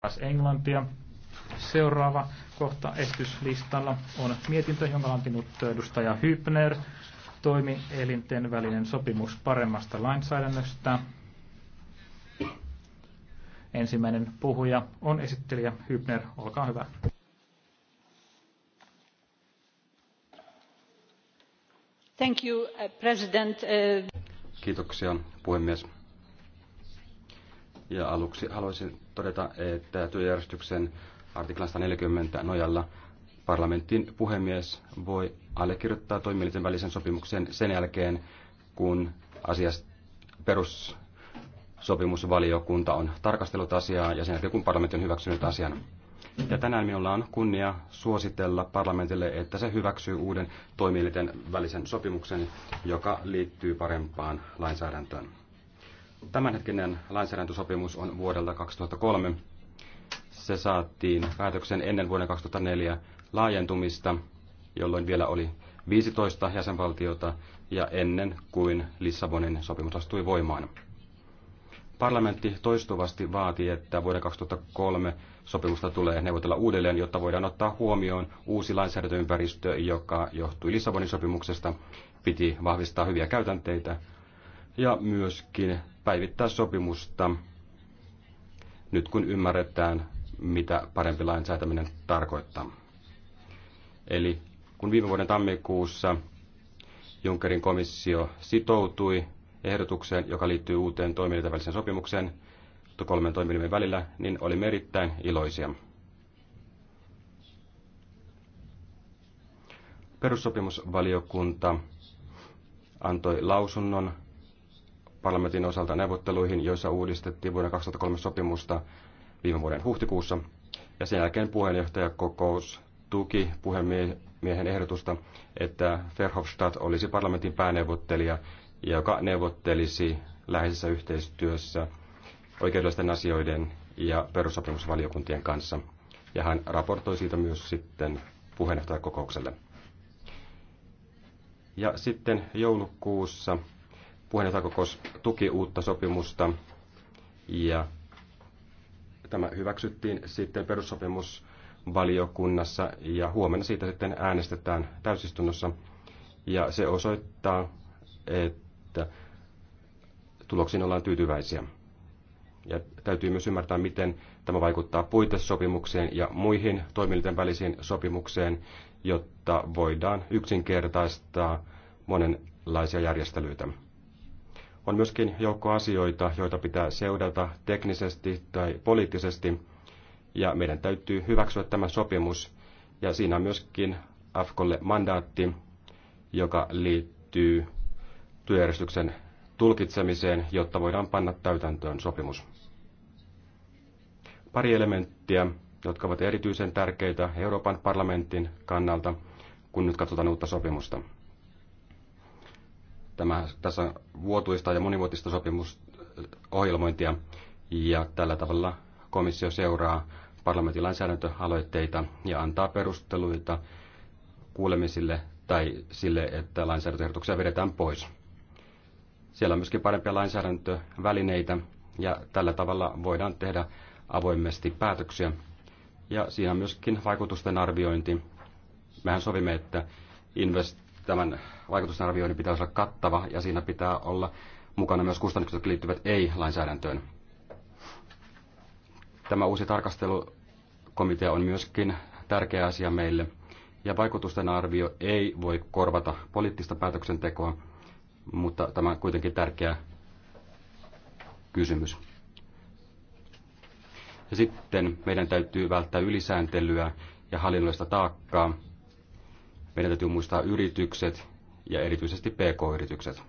taas englantia. Seuraava kohta esityslistalla on mietintö, jonka on antinut edustaja Hübner, toimielinten välinen sopimus paremmasta lainsäädännöstä. Ensimmäinen puhuja on esittelijä Hübner, olkaa hyvä. Thank you, uh, President. Uh, Kiitoksia, puhemies ja aluksi haluaisin todeta, että työjärjestyksen artiklan 140 nojalla parlamentin puhemies voi allekirjoittaa toimielinten välisen sopimuksen sen jälkeen, kun asiasta perussopimusvaliokunta on tarkastellut asiaa ja sen jälkeen, kun parlamentti on hyväksynyt asian. Ja tänään minulla on kunnia suositella parlamentille, että se hyväksyy uuden toimielinten välisen sopimuksen, joka liittyy parempaan lainsäädäntöön. Tämänhetkinen lainsäädäntösopimus on vuodelta 2003. Se saatiin päätöksen ennen vuoden 2004 laajentumista, jolloin vielä oli 15 jäsenvaltiota ja ennen kuin Lissabonin sopimus astui voimaan. Parlamentti toistuvasti vaati, että vuoden 2003 sopimusta tulee neuvotella uudelleen, jotta voidaan ottaa huomioon uusi lainsäädäntöympäristö, joka johtui Lissabonin sopimuksesta, piti vahvistaa hyviä käytänteitä, ja myöskin päivittää sopimusta nyt kun ymmärretään, mitä parempi lainsäätäminen tarkoittaa. Eli kun viime vuoden tammikuussa Junckerin komissio sitoutui ehdotukseen, joka liittyy uuteen toimielintäväliseen sopimukseen kolmen toimielimen välillä, niin olimme erittäin iloisia. Perussopimusvaliokunta antoi lausunnon parlamentin osalta neuvotteluihin, joissa uudistettiin vuoden 2003 sopimusta viime vuoden huhtikuussa. Ja sen jälkeen puheenjohtajakokous tuki puhemiehen ehdotusta, että Verhofstadt olisi parlamentin pääneuvottelija, joka neuvottelisi läheisessä yhteistyössä oikeudellisten asioiden ja perussopimusvaliokuntien kanssa. Ja hän raportoi siitä myös sitten puheenjohtajakokoukselle. Ja sitten joulukuussa Puheenjohtajakokous tuki uutta sopimusta ja tämä hyväksyttiin sitten perussopimusvaliokunnassa ja huomenna siitä sitten äänestetään täysistunnossa. Ja se osoittaa, että tuloksiin ollaan tyytyväisiä. Ja täytyy myös ymmärtää, miten tämä vaikuttaa puitesopimukseen ja muihin toimielinten välisiin sopimukseen, jotta voidaan yksinkertaistaa monenlaisia järjestelyitä. On myöskin joukko asioita, joita pitää seurata teknisesti tai poliittisesti, ja meidän täytyy hyväksyä tämä sopimus. Ja siinä on myöskin AFKolle mandaatti, joka liittyy työjärjestyksen tulkitsemiseen, jotta voidaan panna täytäntöön sopimus. Pari elementtiä, jotka ovat erityisen tärkeitä Euroopan parlamentin kannalta, kun nyt katsotaan uutta sopimusta. Tämä, tässä vuotuista ja monivuotista sopimusohjelmointia ja tällä tavalla komissio seuraa parlamentin lainsäädäntöaloitteita ja antaa perusteluita kuulemisille tai sille, että lainsäädäntöehdotuksia vedetään pois. Siellä on myöskin parempia lainsäädäntövälineitä ja tällä tavalla voidaan tehdä avoimesti päätöksiä. Ja siinä on myöskin vaikutusten arviointi. Mehän sovimme, että invest- tämän vaikutusarvioinnin pitää olla kattava ja siinä pitää olla mukana myös kustannukset, jotka liittyvät ei-lainsäädäntöön. Tämä uusi tarkastelukomitea on myöskin tärkeä asia meille, ja vaikutusten arvio ei voi korvata poliittista päätöksentekoa, mutta tämä on kuitenkin tärkeä kysymys. Ja sitten meidän täytyy välttää ylisääntelyä ja hallinnollista taakkaa, meidän täytyy muistaa yritykset ja erityisesti pk-yritykset.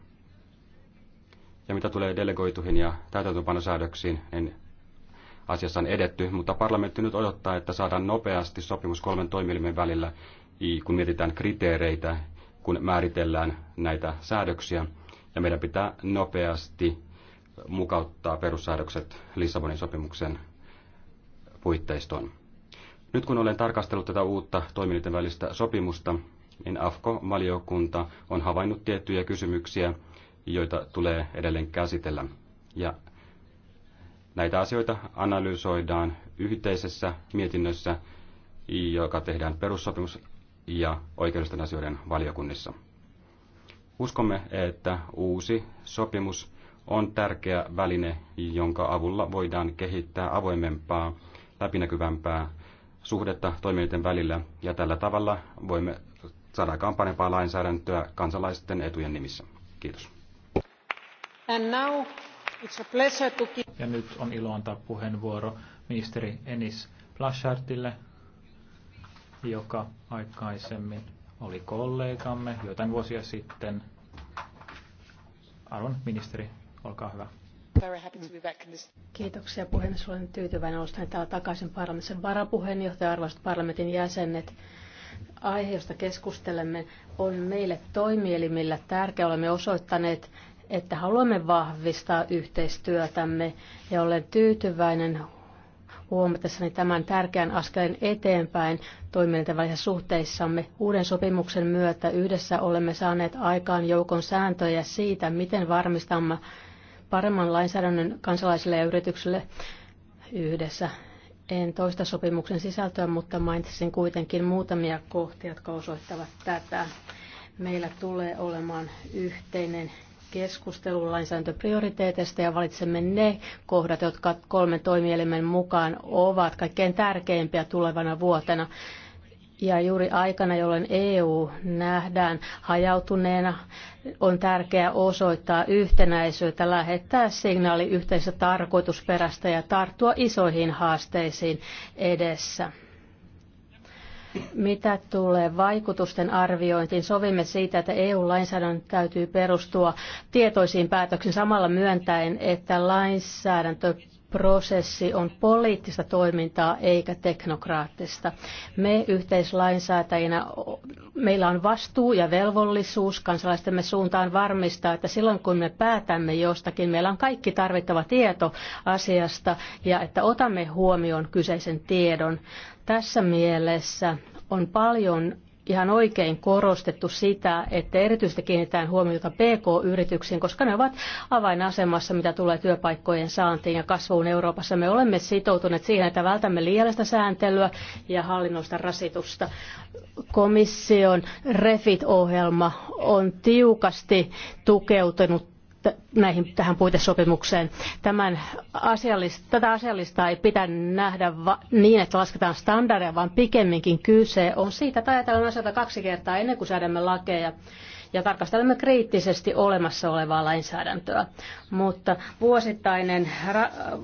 Ja mitä tulee delegoituihin ja täytäntöpanosäädöksiin, niin asiassa on edetty, mutta parlamentti nyt odottaa, että saadaan nopeasti sopimus kolmen toimielimen välillä, kun mietitään kriteereitä, kun määritellään näitä säädöksiä. Ja meidän pitää nopeasti mukauttaa perussäädökset Lissabonin sopimuksen puitteistoon. Nyt kun olen tarkastellut tätä uutta toimielinten välistä sopimusta, niin AFKO-valiokunta on havainnut tiettyjä kysymyksiä, joita tulee edelleen käsitellä. Ja näitä asioita analysoidaan yhteisessä mietinnössä, joka tehdään perussopimus- ja oikeudellisten asioiden valiokunnissa. Uskomme, että uusi sopimus on tärkeä väline, jonka avulla voidaan kehittää avoimempaa, läpinäkyvämpää suhdetta toimijoiden välillä, ja tällä tavalla voimme saadaan parempaa lainsäädäntöä kansalaisten etujen nimissä. Kiitos. To... Ja nyt on ilo antaa puheenvuoro ministeri Enis Blaschartille, joka aikaisemmin oli kollegamme joitain vuosia sitten. Arvon ministeri, olkaa hyvä. Kiitoksia puhemies. Olen tyytyväinen olostani täällä takaisin parlamentin varapuheenjohtaja, arvoisat parlamentin jäsenet aihe, josta keskustelemme, on meille toimielimillä tärkeä. Olemme osoittaneet, että haluamme vahvistaa yhteistyötämme ja olen tyytyväinen huomatessani tämän tärkeän askeleen eteenpäin toimijoiden suhteissamme. Uuden sopimuksen myötä yhdessä olemme saaneet aikaan joukon sääntöjä siitä, miten varmistamme paremman lainsäädännön kansalaisille ja yrityksille yhdessä en toista sopimuksen sisältöä, mutta mainitsin kuitenkin muutamia kohtia, jotka osoittavat tätä. Meillä tulee olemaan yhteinen keskustelu lainsäädäntöprioriteeteista ja valitsemme ne kohdat, jotka kolmen toimielimen mukaan ovat kaikkein tärkeimpiä tulevana vuotena. Ja juuri aikana, jolloin EU nähdään hajautuneena, on tärkeää osoittaa yhtenäisyyttä, lähettää signaali yhteisestä tarkoitusperästä ja tarttua isoihin haasteisiin edessä. Mitä tulee vaikutusten arviointiin, sovimme siitä, että EU-lainsäädännön täytyy perustua tietoisiin päätöksiin samalla myöntäen, että lainsäädäntö prosessi on poliittista toimintaa eikä teknokraattista. Me yhteislainsäätäjinä, meillä on vastuu ja velvollisuus kansalaistemme suuntaan varmistaa, että silloin kun me päätämme jostakin, meillä on kaikki tarvittava tieto asiasta ja että otamme huomioon kyseisen tiedon. Tässä mielessä on paljon ihan oikein korostettu sitä, että erityisesti kiinnitetään huomiota PK-yrityksiin, koska ne ovat avainasemassa, mitä tulee työpaikkojen saantiin ja kasvuun Euroopassa. Me olemme sitoutuneet siihen, että vältämme liiallista sääntelyä ja hallinnollista rasitusta. Komission REFIT-ohjelma on tiukasti tukeutunut näihin, tähän puitesopimukseen. Tämän asiallista, tätä asiallista ei pidä nähdä niin, että lasketaan standardeja, vaan pikemminkin kyse on siitä, että ajatellaan asioita kaksi kertaa ennen kuin säädämme lakeja ja tarkastelemme kriittisesti olemassa olevaa lainsäädäntöä. Mutta vuosittainen ra-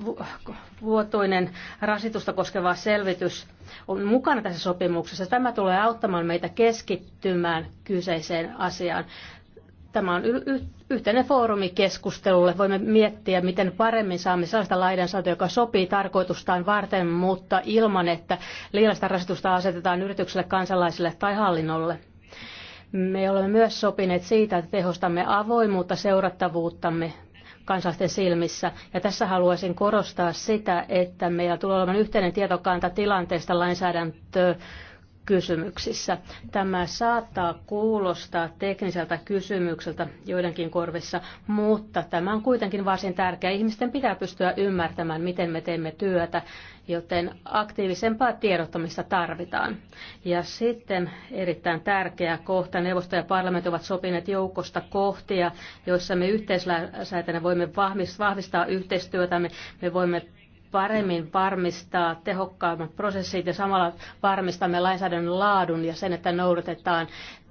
vuotuinen rasitusta koskeva selvitys on mukana tässä sopimuksessa. Tämä tulee auttamaan meitä keskittymään kyseiseen asiaan. Tämä on yhteinen foorumi keskustelulle. Voimme miettiä, miten paremmin saamme sellaista lainsäädäntöä, joka sopii tarkoitustaan varten, mutta ilman, että liiallista rasitusta asetetaan yritykselle, kansalaisille tai hallinnolle. Me olemme myös sopineet siitä, että tehostamme avoimuutta seurattavuuttamme kansalaisten silmissä. Ja tässä haluaisin korostaa sitä, että meillä tulee olemaan yhteinen tietokanta tilanteesta lainsäädäntöön kysymyksissä. Tämä saattaa kuulostaa tekniseltä kysymykseltä joidenkin korvissa, mutta tämä on kuitenkin varsin tärkeä. Ihmisten pitää pystyä ymmärtämään, miten me teemme työtä, joten aktiivisempaa tiedottamista tarvitaan. Ja sitten erittäin tärkeä kohta. Neuvosto ja parlamentti ovat sopineet joukosta kohtia, joissa me yhteislainsäätänä voimme vahvistaa yhteistyötämme. Me voimme paremmin varmistaa tehokkaammat prosessit ja samalla varmistamme lainsäädännön laadun ja sen, että noudatetaan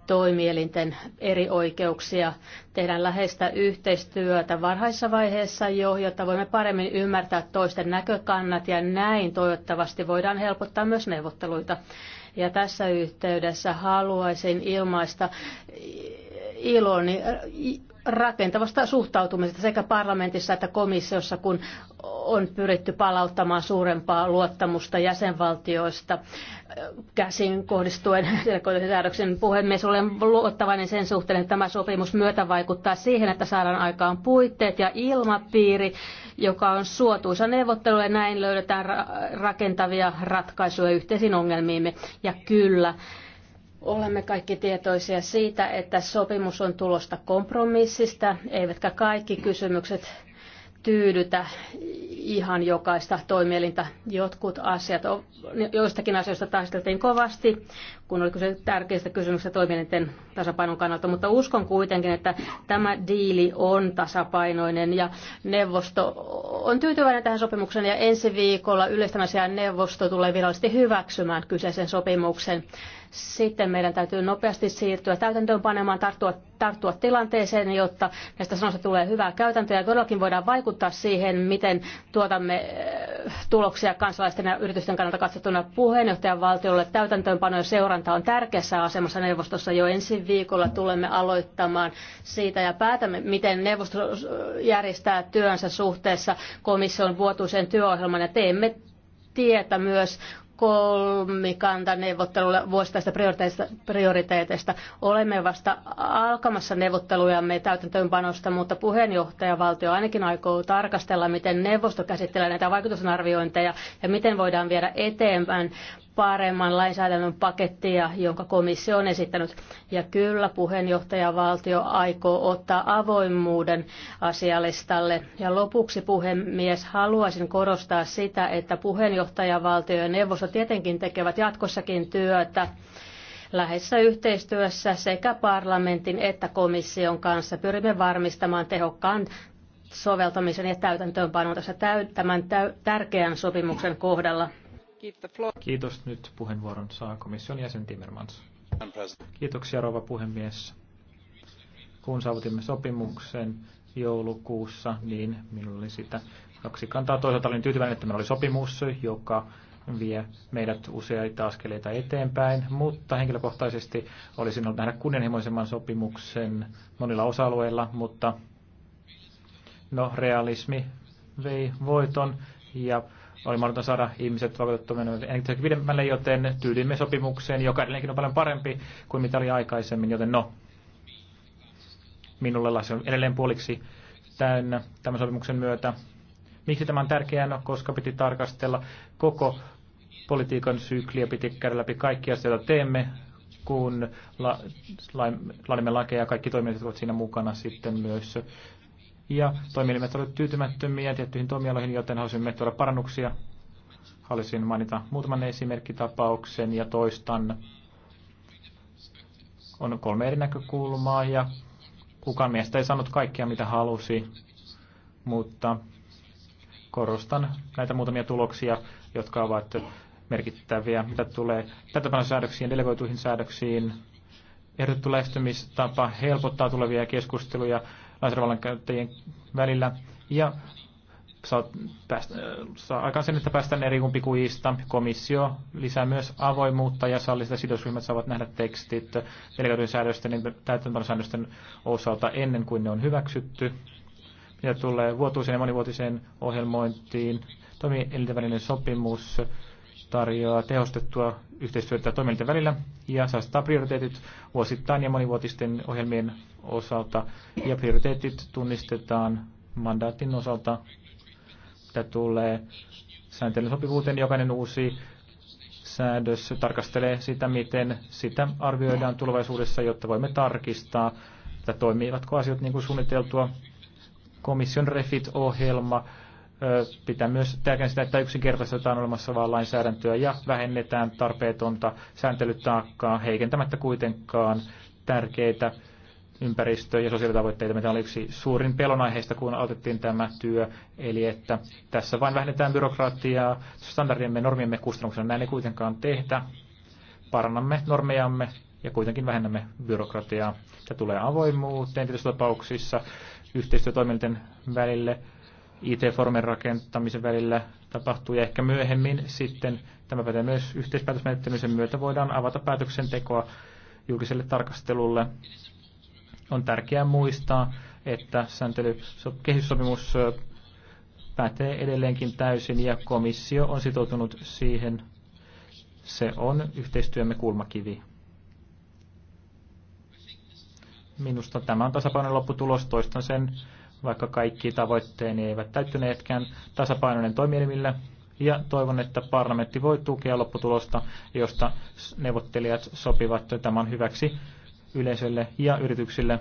toimielinten eri oikeuksia. Tehdään läheistä yhteistyötä varhaisessa vaiheessa jo, jotta voimme paremmin ymmärtää toisten näkökannat ja näin toivottavasti voidaan helpottaa myös neuvotteluita. Ja tässä yhteydessä haluaisin ilmaista iloni rakentavasta suhtautumisesta sekä parlamentissa että komissiossa, kun on pyritty palauttamaan suurempaa luottamusta jäsenvaltioista käsin kohdistuen säädöksen puhemies. Olen luottavainen sen suhteen, että tämä sopimus myötä vaikuttaa siihen, että saadaan aikaan puitteet ja ilmapiiri, joka on suotuisa neuvottelu ja näin löydetään rakentavia ratkaisuja yhteisiin ongelmiimme. Ja kyllä, Olemme kaikki tietoisia siitä, että sopimus on tulosta kompromissista, eivätkä kaikki kysymykset tyydytä ihan jokaista toimielintä. Jotkut asiat, joistakin asioista taisteltiin kovasti, kun oli kyse tärkeistä kysymyksistä toimielinten tasapainon kannalta, mutta uskon kuitenkin, että tämä diili on tasapainoinen ja neuvosto on tyytyväinen tähän sopimukseen ja ensi viikolla yleistämässä neuvosto tulee virallisesti hyväksymään kyseisen sopimuksen. Sitten meidän täytyy nopeasti siirtyä täytäntöönpanemaan, tarttua, tarttua tilanteeseen, jotta näistä sanoista tulee hyvää käytäntöä ja todellakin voidaan vaikuttaa siihen, miten tuotamme eh, tuloksia kansalaisten ja yritysten kannalta katsottuna puheenjohtajan valtiolle. Täytäntöönpano ja seuranta on tärkeässä asemassa neuvostossa jo ensi viikolla tulemme aloittamaan siitä ja päätämme, miten neuvosto eh, järjestää työnsä suhteessa komission vuotuiseen työohjelmaan ja teemme tietä myös kolmikantaneuvottelulle vuosittaista prioriteeteista. Olemme vasta alkamassa neuvottelujamme täytäntöönpanosta, mutta puheenjohtajavaltio ainakin aikoo tarkastella, miten neuvosto käsittelee näitä vaikutusarviointeja ja miten voidaan viedä eteenpäin paremman lainsäädännön pakettia, jonka komissio on esittänyt. Ja kyllä puheenjohtajavaltio aikoo ottaa avoimuuden asialistalle. Ja lopuksi puhemies, haluaisin korostaa sitä, että puheenjohtajavaltio ja neuvosto tietenkin tekevät jatkossakin työtä lähessä yhteistyössä sekä parlamentin että komission kanssa. Pyrimme varmistamaan tehokkaan soveltamisen ja täytäntöönpanon tässä tämän tärkeän sopimuksen kohdalla. Kiitos. Nyt puheenvuoron saa komission jäsen Timmermans. Kiitoksia rouva puhemies. Kun saavutimme sopimuksen joulukuussa, niin minulla oli sitä kaksi kantaa. Toisaalta olin tyytyväinen, että meillä oli sopimus, joka vie meidät useita askeleita eteenpäin, mutta henkilökohtaisesti olisin ollut nähdä kunnianhimoisemman sopimuksen monilla osa-alueilla, mutta no, realismi vei voiton ja oli mahdoton saada ihmiset vakuutettua pidemmälle, joten tyydymme sopimukseen, joka edelleenkin on paljon parempi kuin mitä oli aikaisemmin, joten no, minulle se on edelleen puoliksi täynnä tämän sopimuksen myötä. Miksi tämä on tärkeää? No, koska piti tarkastella koko politiikan sykliä, piti käydä läpi kaikki asiat, joita teemme, kun la, la, laadimme lakeja ja kaikki toimijat ovat siinä mukana sitten myös ja toimielimet olivat tyytymättömiä tiettyihin toimialoihin, joten halusimme tuoda parannuksia. Haluaisin mainita muutaman esimerkkitapauksen ja toistan. On kolme eri näkökulmaa ja kukaan meistä ei saanut kaikkea mitä halusi, mutta korostan näitä muutamia tuloksia, jotka ovat merkittäviä, mitä tulee täytäntöpanosäädöksiin ja delegoituihin säädöksiin. Ehdotettu lähestymistapa helpottaa tulevia keskusteluja laservallan käyttäjien välillä ja saa, päästä, saa aikaan sen, että päästään eri kumpikujista. Komissio lisää myös avoimuutta ja sallii, että sidosryhmät saavat nähdä tekstit delegoidun säädösten ja täytäntöpanosäännösten osalta ennen kuin ne on hyväksytty. Mitä tulee vuotuiseen ja monivuotiseen ohjelmointiin, toimii elintävälinen sopimus tarjoaa tehostettua yhteistyötä toimijoiden välillä ja saastaa prioriteetit vuosittain ja monivuotisten ohjelmien osalta. Ja prioriteetit tunnistetaan mandaatin osalta, Tämä tulee sääntelyn sopivuuteen. Jokainen uusi säädös tarkastelee sitä, miten sitä arvioidaan tulevaisuudessa, jotta voimme tarkistaa, että toimivatko asiat niin kuin suunniteltua. Komission REFIT-ohjelma pitää myös tärkeänä sitä, että yksinkertaistetaan olemassa vaan lainsäädäntöä ja vähennetään tarpeetonta sääntelytaakkaa heikentämättä kuitenkaan tärkeitä ympäristö- ja sosiaalitavoitteita, mitä oli yksi suurin pelonaiheista, kun aloitettiin tämä työ, eli että tässä vain vähennetään byrokratiaa, standardiemme, normiemme kustannuksena näin ei kuitenkaan tehdä, parannamme normejamme ja kuitenkin vähennämme byrokratiaa. Tämä tulee avoimuuteen tietyissä tapauksissa yhteistyötoiminten välille, IT-formen rakentamisen välillä tapahtuu ja ehkä myöhemmin sitten, tämä pätee myös yhteispäätösmenettelyn, myötä voidaan avata päätöksentekoa julkiselle tarkastelulle. On tärkeää muistaa, että sääntelykehyssopimus pätee edelleenkin täysin ja komissio on sitoutunut siihen. Se on yhteistyömme kulmakivi. Minusta tämä on tasapainon lopputulos. Toistan sen vaikka kaikki tavoitteeni eivät täyttyneetkään tasapainoinen toimielimille. Ja toivon, että parlamentti voi tukea lopputulosta, josta neuvottelijat sopivat tämän hyväksi yleisölle ja yrityksille.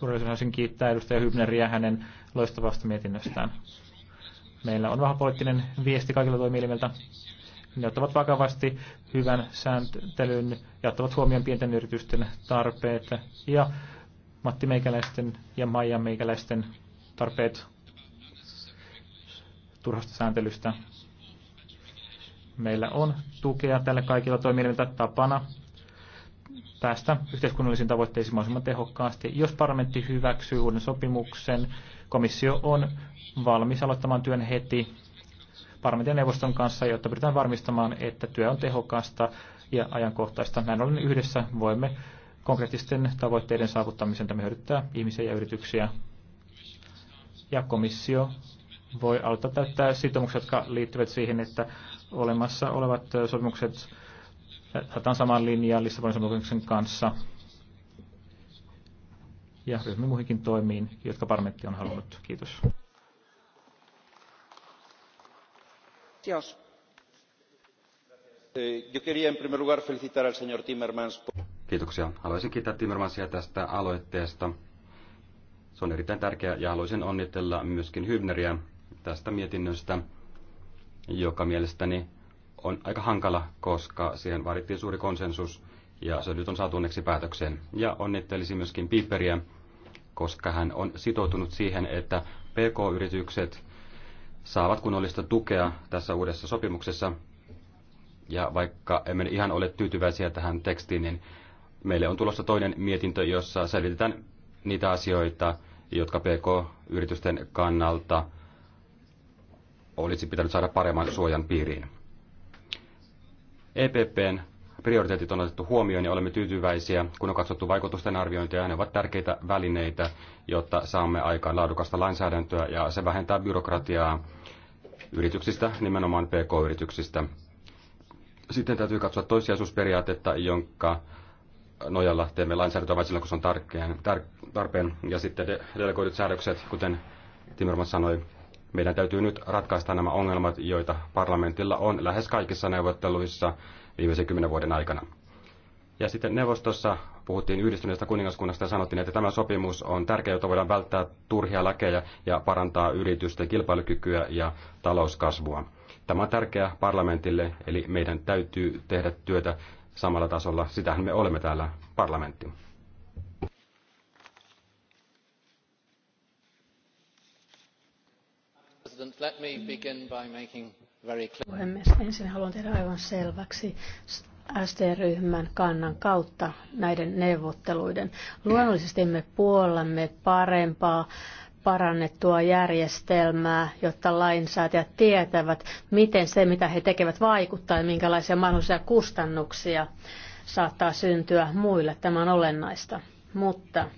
Suurellisuus osin kiittää edustaja Hybneriä hänen loistavasta mietinnöstään. Meillä on vahva poliittinen viesti kaikilla toimielimiltä. Ne ottavat vakavasti hyvän sääntelyn ja ottavat huomioon pienten yritysten tarpeet. Ja Matti Meikäläisten ja Maija Meikäläisten tarpeet turhasta sääntelystä. Meillä on tukea tälle kaikilla toimielimiltä tapana päästä yhteiskunnallisiin tavoitteisiin mahdollisimman tehokkaasti. Jos parlamentti hyväksyy uuden sopimuksen, komissio on valmis aloittamaan työn heti parlamentin ja neuvoston kanssa, jotta pyritään varmistamaan, että työ on tehokasta ja ajankohtaista. Näin ollen yhdessä voimme konkreettisten tavoitteiden saavuttamisen, tämä hyödyttää ihmisiä ja yrityksiä ja komissio voi auttaa täyttää sitoumukset, jotka liittyvät siihen, että olemassa olevat sopimukset saadaan samaan linjaan Lissabonin sopimuksen kanssa ja ryhmän muihinkin toimiin, jotka parlamentti on halunnut. Kiitos. Kiitos. Eh, yo quería en primer lugar felicitar al señor Timmermans. Kiitoksia. Haluaisin kiittää Timmermansia tästä aloitteesta. Se on erittäin tärkeä ja haluaisin onnitella myöskin Hybneriä tästä mietinnöstä, joka mielestäni on aika hankala, koska siihen vaadittiin suuri konsensus ja se nyt on saatu onneksi päätökseen. Ja onnittelisin myöskin Piperiä, koska hän on sitoutunut siihen, että PK-yritykset saavat kunnollista tukea tässä uudessa sopimuksessa. Ja vaikka emme ihan ole tyytyväisiä tähän tekstiin, niin meille on tulossa toinen mietintö, jossa selvitetään niitä asioita, jotka PK-yritysten kannalta olisi pitänyt saada paremman suojan piiriin. EPPn prioriteetit on otettu huomioon ja olemme tyytyväisiä, kun on katsottu vaikutusten arviointia ja ne ovat tärkeitä välineitä, jotta saamme aikaan laadukasta lainsäädäntöä ja se vähentää byrokratiaa yrityksistä, nimenomaan PK-yrityksistä. Sitten täytyy katsoa toissijaisuusperiaatetta, jonka nojalla teemme lainsäädäntöä vain silloin, kun se on tärkeää, tarpeen. Ja sitten delegoidut säädökset, kuten Timmermans sanoi, meidän täytyy nyt ratkaista nämä ongelmat, joita parlamentilla on lähes kaikissa neuvotteluissa viimeisen kymmenen vuoden aikana. Ja sitten neuvostossa puhuttiin yhdistyneestä kuningaskunnasta ja sanottiin, että tämä sopimus on tärkeä, jotta voidaan välttää turhia lakeja ja parantaa yritysten kilpailukykyä ja talouskasvua. Tämä on tärkeää parlamentille, eli meidän täytyy tehdä työtä samalla tasolla. Sitähän me olemme täällä parlamentti. Puhemies, ensin haluan tehdä aivan selväksi ST-ryhmän kannan kautta näiden neuvotteluiden. Luonnollisesti me puollamme parempaa parannettua järjestelmää, jotta lainsäätäjät tietävät, miten se, mitä he tekevät, vaikuttaa ja minkälaisia mahdollisia kustannuksia saattaa syntyä muille. Tämä on olennaista. Mutta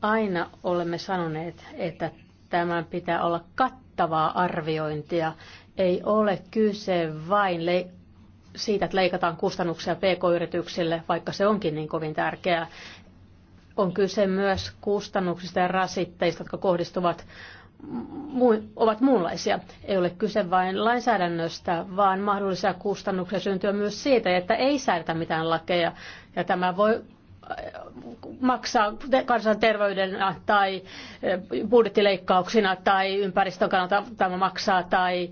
aina olemme sanoneet, että tämän pitää olla kattava mittavaa arviointia. Ei ole kyse vain le- siitä, että leikataan kustannuksia pk-yrityksille, vaikka se onkin niin kovin tärkeää. On kyse myös kustannuksista ja rasitteista, jotka kohdistuvat ovat muunlaisia. Ei ole kyse vain lainsäädännöstä, vaan mahdollisia kustannuksia syntyy myös siitä, että ei säädetä mitään lakeja. Ja tämä voi maksaa kansanterveydenä tai eh, budjettileikkauksina tai ympäristön kannalta tämä maksaa tai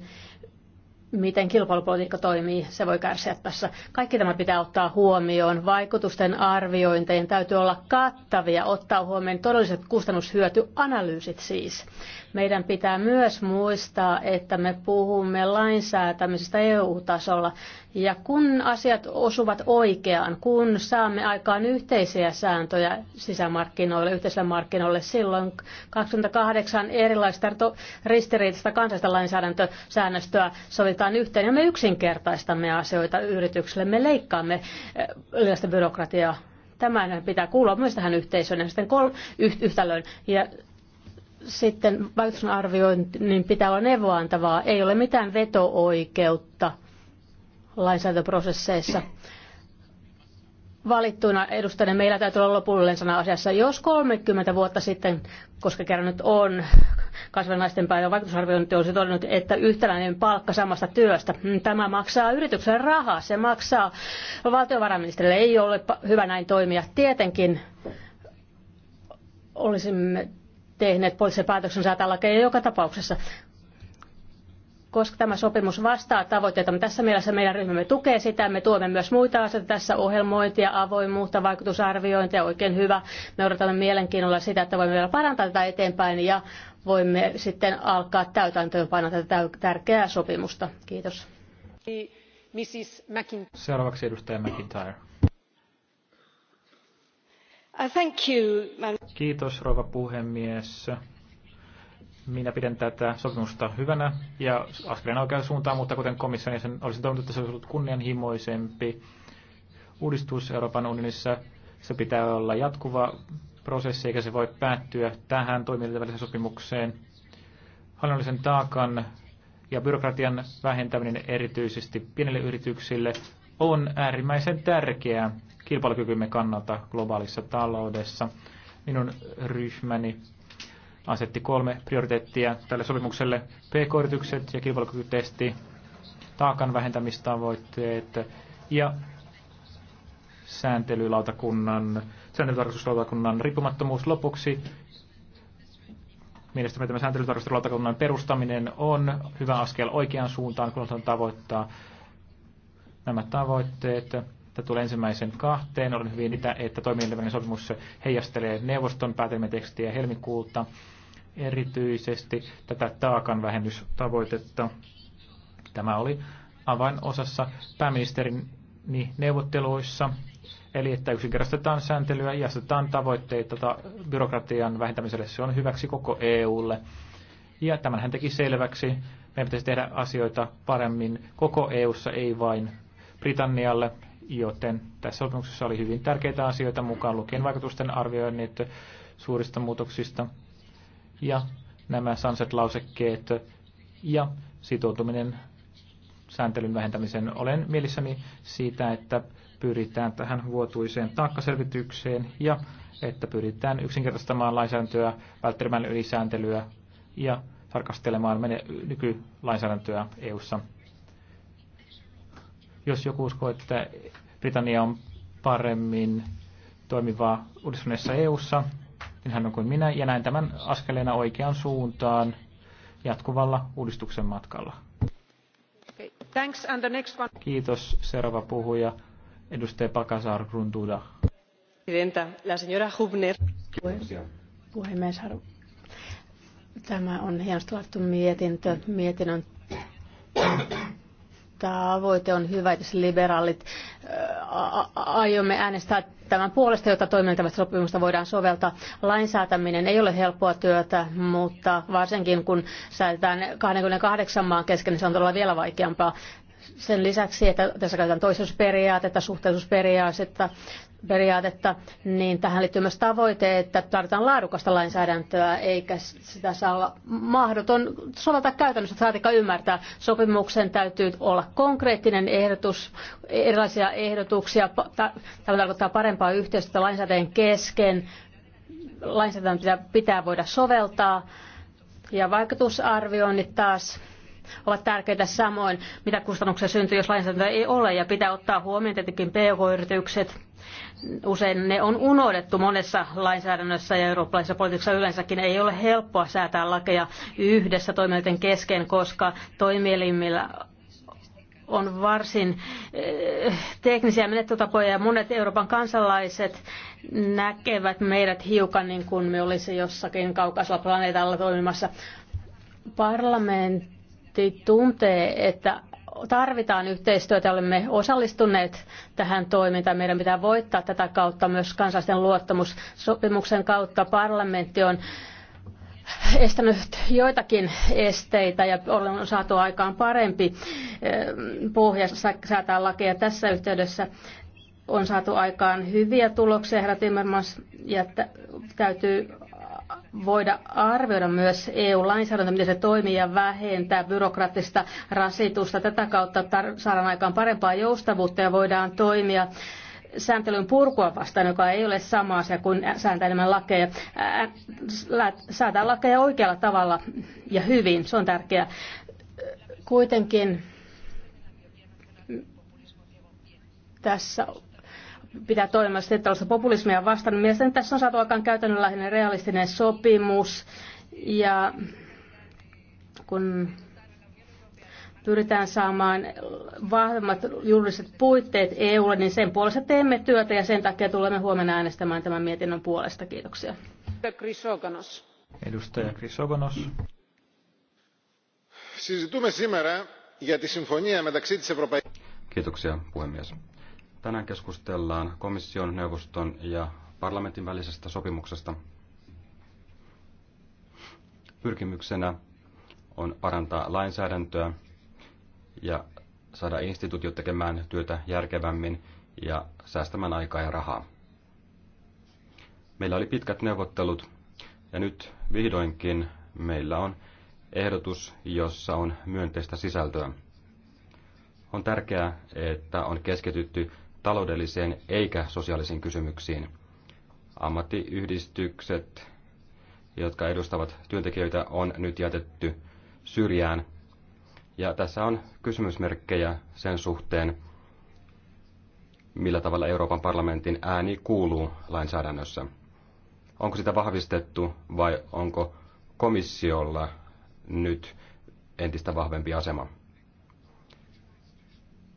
miten kilpailupolitiikka toimii, se voi kärsiä tässä. Kaikki tämä pitää ottaa huomioon. Vaikutusten arviointien täytyy olla kattavia, ottaa huomioon todelliset kustannushyötyanalyysit siis. Meidän pitää myös muistaa, että me puhumme lainsäätämisestä EU-tasolla. Ja kun asiat osuvat oikeaan, kun saamme aikaan yhteisiä sääntöjä sisämarkkinoille, yhteisille markkinoille, silloin 28 erilaista ristiriitaista kansallista lainsäädäntösäännöstöä sovitaan yhteen ja me yksinkertaistamme asioita yrityksille. Me leikkaamme yleistä eh, byrokratiaa. Tämä pitää kuulua myös tähän yhteisöön ja sitten kol- yhtälöön. Ja sitten vaikutusten arvioinnin pitää olla neuvoantavaa. Ei ole mitään veto-oikeutta lainsäädäntöprosesseissa valittuina edustajana meillä täytyy olla lopullinen sana asiassa. Jos 30 vuotta sitten, koska kerran nyt on kasvanaisten päivän vaikutusarviointi olisi todennut, että yhtäläinen palkka samasta työstä, hmm, tämä maksaa yrityksen rahaa, se maksaa valtiovarainministerille, ei ole hyvä näin toimia. Tietenkin olisimme tehneet poliittisen päätöksen säätää lakeja joka tapauksessa. Koska tämä sopimus vastaa tavoitteita, tässä mielessä meidän ryhmämme tukee sitä. Me tuomme myös muita asioita tässä, ohjelmointia, avoimuutta, vaikutusarviointia, oikein hyvä. Me odotamme mielenkiinnolla sitä, että voimme vielä parantaa tätä eteenpäin ja voimme sitten alkaa täytäntöönpanna tätä tärkeää sopimusta. Kiitos. Seuraavaksi edustaja McIntyre. Uh, thank Kiitos rouva puhemies. Minä pidän tätä sopimusta hyvänä ja askeleen oikeaan suuntaan, mutta kuten komission jäsen olisin toivonut, että se olisi ollut kunnianhimoisempi uudistus Euroopan unionissa. Se pitää olla jatkuva prosessi eikä se voi päättyä tähän toimijoiden sopimukseen. Hallinnollisen taakan ja byrokratian vähentäminen erityisesti pienille yrityksille on äärimmäisen tärkeää kilpailukykymme kannalta globaalissa taloudessa. Minun ryhmäni asetti kolme prioriteettia tälle sopimukselle. PK-yritykset ja kilpailukykytesti, taakan vähentämistavoitteet ja sääntelylautakunnan, sääntelytarkastuslautakunnan riippumattomuus lopuksi. Mielestäni tämä sääntelytarkastuslautakunnan perustaminen on hyvä askel oikeaan suuntaan, kun halutaan tavoittaa nämä tavoitteet että tulee ensimmäisen kahteen, olen hyvin niitä, että toimielinen sopimus heijastelee neuvoston päätelmätekstiä helmikuulta, erityisesti tätä taakanvähennystavoitetta. Tämä oli avainosassa pääministerin neuvotteluissa, eli että yksinkertaistetaan sääntelyä ja asetetaan tavoitteita byrokratian vähentämiselle. Se on hyväksi koko EUlle. Ja tämän hän teki selväksi. Meidän pitäisi tehdä asioita paremmin koko EUssa, ei vain Britannialle, joten tässä sopimuksessa oli hyvin tärkeitä asioita mukaan lukien vaikutusten arvioinnit suurista muutoksista ja nämä sunset-lausekkeet ja sitoutuminen sääntelyn vähentämiseen. Olen mielissäni siitä, että pyritään tähän vuotuiseen taakkaselvitykseen ja että pyritään yksinkertaistamaan lainsäädäntöä, välttämään ylisääntelyä ja tarkastelemaan nyky eu EU:ssa. Jos joku uskoo, että Britannia on paremmin toimivaa uudistuneessa EU-ssa, niin hän on kuin minä, ja näin tämän askeleena oikeaan suuntaan jatkuvalla uudistuksen matkalla. Okay, thanks, and the next one. Kiitos, seuraava puhuja, edustaja Pakasar Grunduda. Presidenta, la señora Hubner. Puhemies, Tämä on hienosti laittu mietintö. Mietinnön tavoite on hyvä, jos liberaalit aiomme äänestää tämän puolesta, jotta toimintavasta sopimusta voidaan soveltaa. Lainsäätäminen ei ole helppoa työtä, mutta varsinkin kun säätetään 28 maan kesken, niin se on todella vielä vaikeampaa sen lisäksi, että tässä käytetään toisuusperiaatetta, suhteellisuusperiaatetta, periaatetta, niin tähän liittyy myös tavoite, että tarvitaan laadukasta lainsäädäntöä, eikä sitä saa olla mahdoton soveltaa käytännössä, saatika ymmärtää. Sopimuksen täytyy olla konkreettinen ehdotus, erilaisia ehdotuksia. Tämä tarkoittaa parempaa yhteistyötä lainsäädännön kesken. Lainsäädäntöä pitää voida soveltaa. Ja vaikutusarvioinnit taas ovat tärkeitä samoin, mitä kustannuksia syntyy, jos lainsäädäntöä ei ole. Ja pitää ottaa huomioon tietenkin PK-yritykset. Usein ne on unohdettu monessa lainsäädännössä ja eurooppalaisessa politiikassa yleensäkin. Ei ole helppoa säätää lakeja yhdessä toimijoiden kesken, koska toimielimillä on varsin eh, teknisiä menettelytapoja ja monet Euroopan kansalaiset näkevät meidät hiukan niin kuin me olisi jossakin kaukaisella planeetalla toimimassa. Parlamentti parlamentti tuntee, että tarvitaan yhteistyötä, olemme osallistuneet tähän toimintaan. Meidän pitää voittaa tätä kautta myös kansallisten luottamus. Sopimuksen kautta parlamentti on estänyt joitakin esteitä ja on saatu aikaan parempi eh, pohja säätää lakeja tässä yhteydessä. On saatu aikaan hyviä tuloksia, herra Timmermans, ja täytyy voida arvioida myös EU-lainsäädäntö, miten se toimii ja vähentää byrokraattista rasitusta. Tätä kautta saadaan aikaan parempaa joustavuutta ja voidaan toimia sääntelyn purkua vastaan, joka ei ole sama asia kuin enemmän lakeja. Säätää lakeja oikealla tavalla ja hyvin, se on tärkeää. Kuitenkin tässä pitää toimia sitten tällaista populismia vastaan. Mielestäni tässä on saatu aikaan käytännönläheinen realistinen sopimus ja kun pyritään saamaan vahvemmat juridiset puitteet EUlle, niin sen puolesta teemme työtä ja sen takia tulemme huomenna äänestämään tämän mietinnön puolesta. Kiitoksia. Krisogonos. Edustaja Krisogonos. Συζητούμε Kiitoksia, puhemies. Tänään keskustellaan komission, neuvoston ja parlamentin välisestä sopimuksesta. Pyrkimyksenä on parantaa lainsäädäntöä ja saada instituutio tekemään työtä järkevämmin ja säästämään aikaa ja rahaa. Meillä oli pitkät neuvottelut ja nyt vihdoinkin meillä on ehdotus, jossa on myönteistä sisältöä. On tärkeää, että on keskitytty taloudelliseen eikä sosiaalisiin kysymyksiin. Ammattiyhdistykset, jotka edustavat työntekijöitä, on nyt jätetty syrjään. Ja tässä on kysymysmerkkejä sen suhteen, millä tavalla Euroopan parlamentin ääni kuuluu lainsäädännössä. Onko sitä vahvistettu vai onko komissiolla nyt entistä vahvempi asema?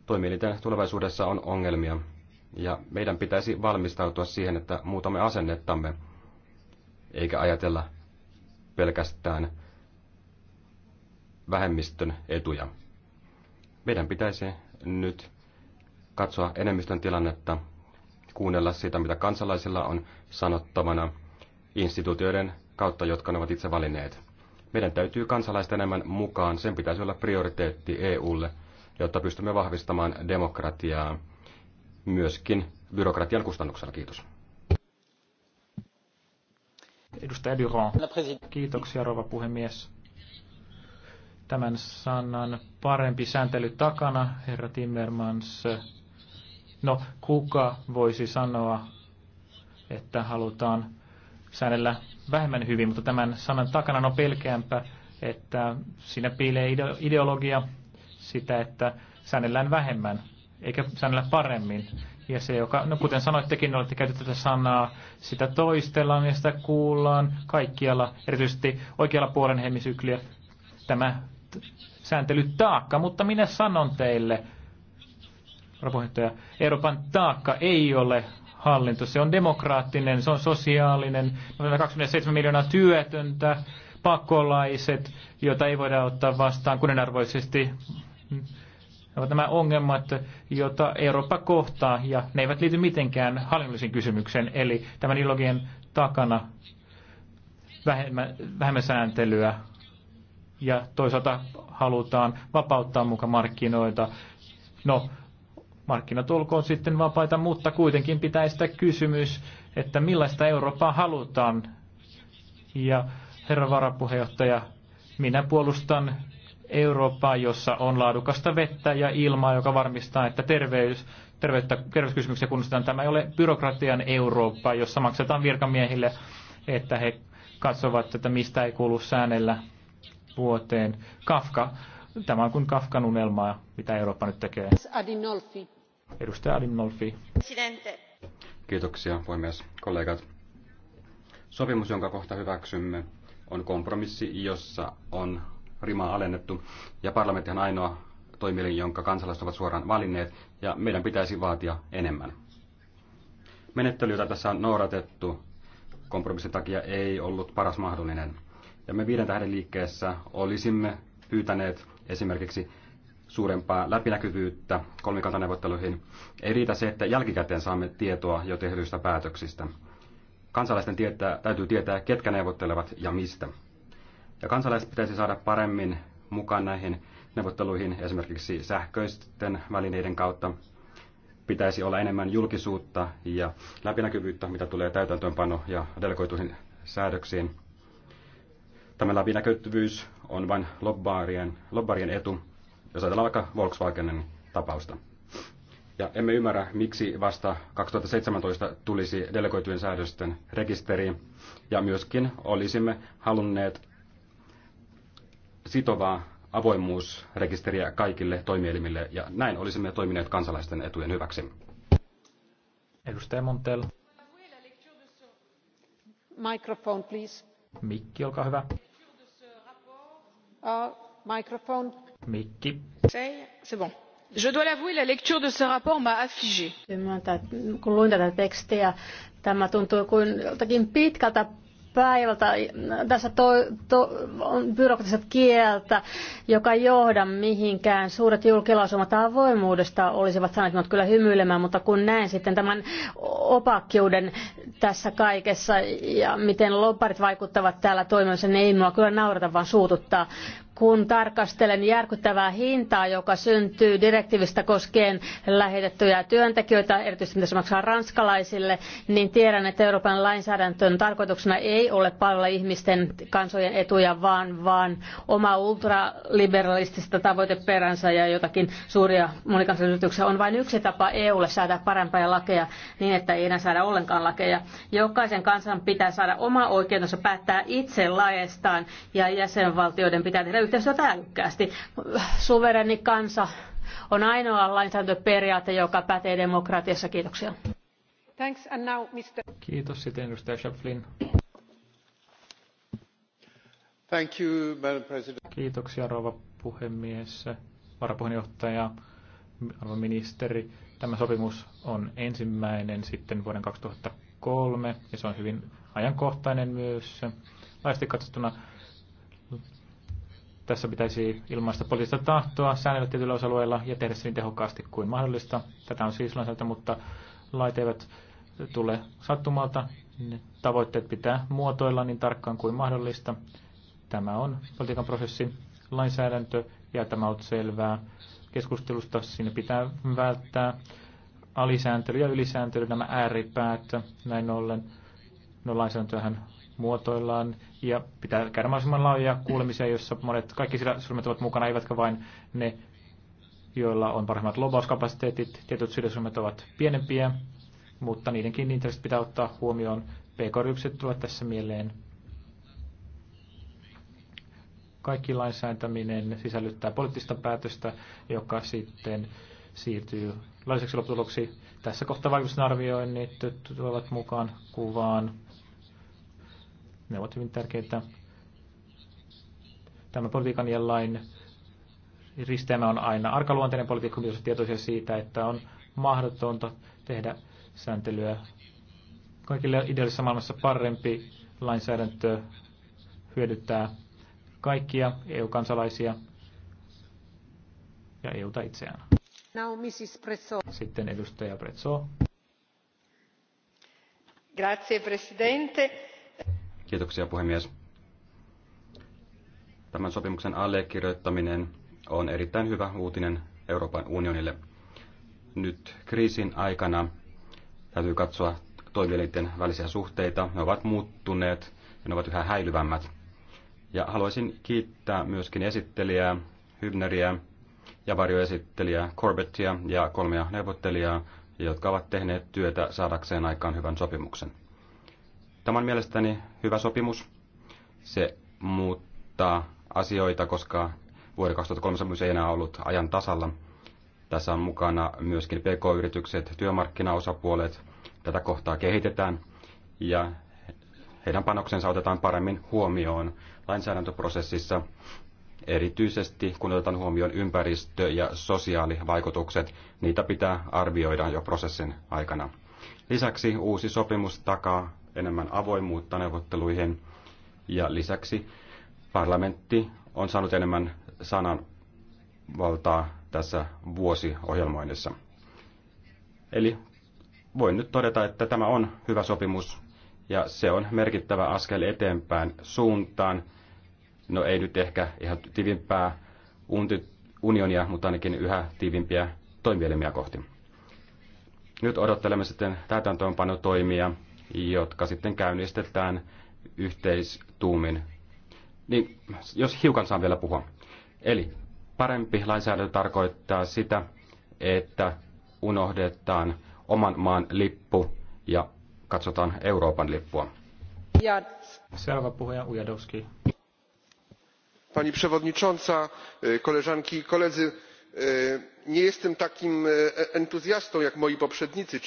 toimielinten tulevaisuudessa on ongelmia. Ja meidän pitäisi valmistautua siihen, että muutamme asennettamme, eikä ajatella pelkästään vähemmistön etuja. Meidän pitäisi nyt katsoa enemmistön tilannetta, kuunnella sitä, mitä kansalaisilla on sanottavana instituutioiden kautta, jotka ne ovat itse valinneet. Meidän täytyy kansalaista enemmän mukaan, sen pitäisi olla prioriteetti EUlle – jotta pystymme vahvistamaan demokratiaa myöskin byrokratian kustannuksella. Kiitos. Edustaja Durand. Kiitoksia, rouva puhemies. Tämän sanan parempi sääntely takana, herra Timmermans. No, kuka voisi sanoa, että halutaan säännellä vähemmän hyvin, mutta tämän sanan takana on no pelkeämpä, että siinä piilee ideologia, sitä, että säännellään vähemmän eikä säännellä paremmin. Ja se, joka, no kuten sanoittekin, niin olette käytetty tätä sanaa, sitä toistellaan ja sitä kuullaan kaikkialla, erityisesti oikealla puolen hemisykliä, tämä taakka, Mutta minä sanon teille, rapuhettaja, Euroopan taakka ei ole hallinto. Se on demokraattinen, se on sosiaalinen, 27 miljoonaa työtöntä, pakolaiset, joita ei voida ottaa vastaan kunnianarvoisesti Mm. ovat nämä ongelmat, joita Eurooppa kohtaa, ja ne eivät liity mitenkään hallinnollisiin kysymykseen. Eli tämän ideologian takana vähemmän, vähemmän sääntelyä, ja toisaalta halutaan vapauttaa muka markkinoita. No, markkinat olkoon sitten vapaita, mutta kuitenkin pitää sitä kysymys, että millaista Eurooppaa halutaan. Ja herra varapuheenjohtaja, minä puolustan Eurooppaa, jossa on laadukasta vettä ja ilmaa, joka varmistaa, että terveys, terveyttä, terveyskysymyksiä kunnostetaan. Tämä ei ole byrokratian Eurooppa, jossa maksetaan virkamiehille, että he katsovat, että mistä ei kuulu säännellä vuoteen. Kafka. Tämä on kuin Kafkan unelmaa, mitä Eurooppa nyt tekee. Adinolfi. Edustaja Adinolfi. Presidente. Kiitoksia, puhemies. Kollegat. Sopimus, jonka kohta hyväksymme, on kompromissi, jossa on rimaa alennettu. Ja parlamenttihan ainoa toimielin, jonka kansalaiset ovat suoraan valinneet, ja meidän pitäisi vaatia enemmän. Menettely, jota tässä on noudatettu kompromissin takia, ei ollut paras mahdollinen. Ja me viiden tähden liikkeessä olisimme pyytäneet esimerkiksi suurempaa läpinäkyvyyttä kolmikantaneuvotteluihin. Ei riitä se, että jälkikäteen saamme tietoa jo tehdyistä päätöksistä. Kansalaisten tietää, täytyy tietää, ketkä neuvottelevat ja mistä. Ja kansalaiset pitäisi saada paremmin mukaan näihin neuvotteluihin esimerkiksi sähköisten välineiden kautta. Pitäisi olla enemmän julkisuutta ja läpinäkyvyyttä, mitä tulee täytäntöönpano ja delegoituihin säädöksiin. Tämä läpinäkyvyys on vain lobbarien, lobbarien etu, jos ajatellaan vaikka Volkswagenin tapausta. Ja emme ymmärrä, miksi vasta 2017 tulisi delegoitujen säädösten rekisteriin. Ja myöskin olisimme halunneet sitovaa avoimuusrekisteriä kaikille toimielimille ja näin olisimme toimineet kansalaisten etujen hyväksi. Edustaja Montel. Microphone, please. Mikki, olkaa hyvä. Uh, microphone. Mikki. C'est bon. Je dois l'avouer, la lecture de ce rapport m'a affligée. Kun luin tätä tekstiä, tämä tuntui kuin jotakin pitkältä päivältä. Tässä to, to, on byrokratiset kieltä, joka ei johda mihinkään. Suuret julkilausumat avoimuudesta olisivat sanoneet kyllä hymyilemään, mutta kun näen sitten tämän opakkiuden tässä kaikessa ja miten loparit vaikuttavat täällä toimimassa, niin ei minua kyllä naurata, vaan suututtaa kun tarkastelen järkyttävää hintaa, joka syntyy direktiivistä koskien lähetettyjä työntekijöitä, erityisesti mitä se maksaa ranskalaisille, niin tiedän, että Euroopan lainsäädäntön tarkoituksena ei ole palvella ihmisten kansojen etuja, vaan, vaan oma ultraliberalistista tavoiteperänsä ja jotakin suuria monikansallisuuksia on vain yksi tapa EUlle säätää parempia lakeja niin, että ei enää saada ollenkaan lakeja. Jokaisen kansan pitää saada oma oikeutensa päättää itse laeistaan ja jäsenvaltioiden pitää tehdä yhteistyötä älykkäästi. Suvereni kansa on ainoa lainsäädäntöperiaate, joka pätee demokratiassa. Kiitoksia. Thanks, and now, Mr. Kiitos. Sitten edustaja Schöpflin. Thank you, Madam President. Kiitoksia, rouva puhemies, varapuheenjohtaja, arvo ministeri. Tämä sopimus on ensimmäinen sitten vuoden 2003 ja se on hyvin ajankohtainen myös laajasti katsottuna tässä pitäisi ilmaista poliittista tahtoa säännellä tietyillä osa-alueilla ja tehdä se niin tehokkaasti kuin mahdollista. Tätä on siis lainsäädäntö, mutta lait eivät tule sattumalta. Ne tavoitteet pitää muotoilla niin tarkkaan kuin mahdollista. Tämä on politiikan prosessin lainsäädäntö ja tämä on selvää keskustelusta. Siinä pitää välttää alisääntely ja ylisääntely, nämä ääripäät. Näin ollen no lainsäädäntöhän muotoillaan ja pitää käydä mahdollisimman laajoja kuulemisia, jossa monet kaikki sidosryhmät ovat mukana, eivätkä vain ne, joilla on parhaimmat lobauskapasiteetit. Tietyt sidosryhmät ovat pienempiä, mutta niidenkin intressit pitää ottaa huomioon. PK-yritykset tulevat tässä mieleen. Kaikki lainsääntäminen sisällyttää poliittista päätöstä, joka sitten siirtyy laiseksi lopputuloksi. Tässä kohtaa vaikutusten arvioinnit tulevat mukaan kuvaan. Ne ovat hyvin tärkeitä. Tämä politiikan ja lain risteämä on aina arkaluonteinen politiikka, kun tietoisia siitä, että on mahdotonta tehdä sääntelyä. Kaikille ideallisessa maailmassa parempi lainsäädäntö hyödyttää kaikkia EU-kansalaisia ja EUta itseään. Now Mrs. Sitten edustaja Prezzo. Grazie Presidente Kiitoksia puhemies. Tämän sopimuksen allekirjoittaminen on erittäin hyvä uutinen Euroopan unionille. Nyt kriisin aikana täytyy katsoa toimielinten välisiä suhteita. Ne ovat muuttuneet ja ne ovat yhä häilyvämmät. Ja haluaisin kiittää myöskin esittelijää, Hybneriä ja varjoesittelijää Corbettia ja kolmea neuvottelijaa, jotka ovat tehneet työtä saadakseen aikaan hyvän sopimuksen. Tämä on mielestäni hyvä sopimus. Se muuttaa asioita, koska vuoden 2003 sopimus ei enää ollut ajan tasalla. Tässä on mukana myöskin PK-yritykset, työmarkkinaosapuolet. Tätä kohtaa kehitetään ja heidän panoksensa otetaan paremmin huomioon lainsäädäntöprosessissa, erityisesti kun otetaan huomioon ympäristö- ja sosiaalivaikutukset. Niitä pitää arvioida jo prosessin aikana. Lisäksi uusi sopimus takaa enemmän avoimuutta neuvotteluihin ja lisäksi parlamentti on saanut enemmän sanan valtaa tässä vuosiohjelmoinnissa. Eli voin nyt todeta, että tämä on hyvä sopimus ja se on merkittävä askel eteenpäin suuntaan. No ei nyt ehkä ihan tiivimpää unionia, mutta ainakin yhä tiivimpiä toimielimiä kohti. Nyt odottelemme sitten täytäntöönpanotoimia toimia jotka sitten käynnistetään yhteistuumin. Niin, jos hiukan saan vielä puhua. Eli parempi lainsäädäntö tarkoittaa sitä, että unohdetaan oman maan lippu ja katsotaan Euroopan lippua. Ja. Seuraava puhuja Ujadowski. Pani przewodnicząca, e, koleżanki i koledzy, e, nie jestem takim e, entuzjastą jak moi poprzednicy.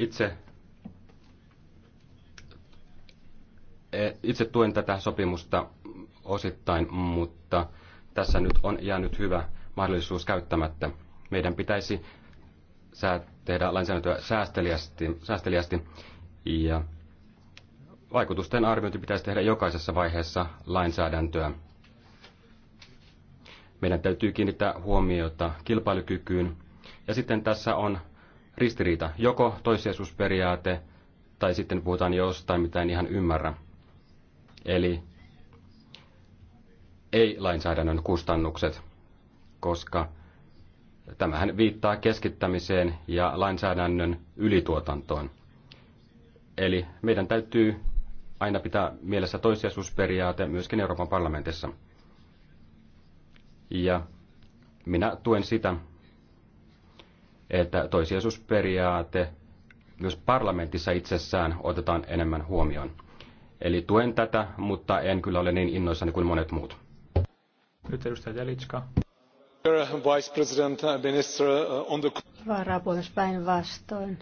Itse, e, itse tuen tätä sopimusta osittain, mutta tässä nyt on jäänyt hyvä mahdollisuus käyttämättä. Meidän pitäisi sää, tehdä lainsäädäntöä säästeliästi, säästeliästi ja vaikutusten arviointi pitäisi tehdä jokaisessa vaiheessa lainsäädäntöä. Meidän täytyy kiinnittää huomiota kilpailukykyyn. Ja sitten tässä on ristiriita, joko toissijaisuusperiaate tai sitten puhutaan jostain, mitä en ihan ymmärrä. Eli ei-lainsäädännön kustannukset, koska tämähän viittaa keskittämiseen ja lainsäädännön ylituotantoon. Eli meidän täytyy aina pitää mielessä toissijaisuusperiaate myöskin Euroopan parlamentissa. Ja minä tuen sitä, että toisiasusperiaate myös parlamentissa itsessään otetaan enemmän huomioon. Eli tuen tätä, mutta en kyllä ole niin innoissani kuin monet muut. Nyt edustaja Jelitska. Uh, Varapuhemies päinvastoin.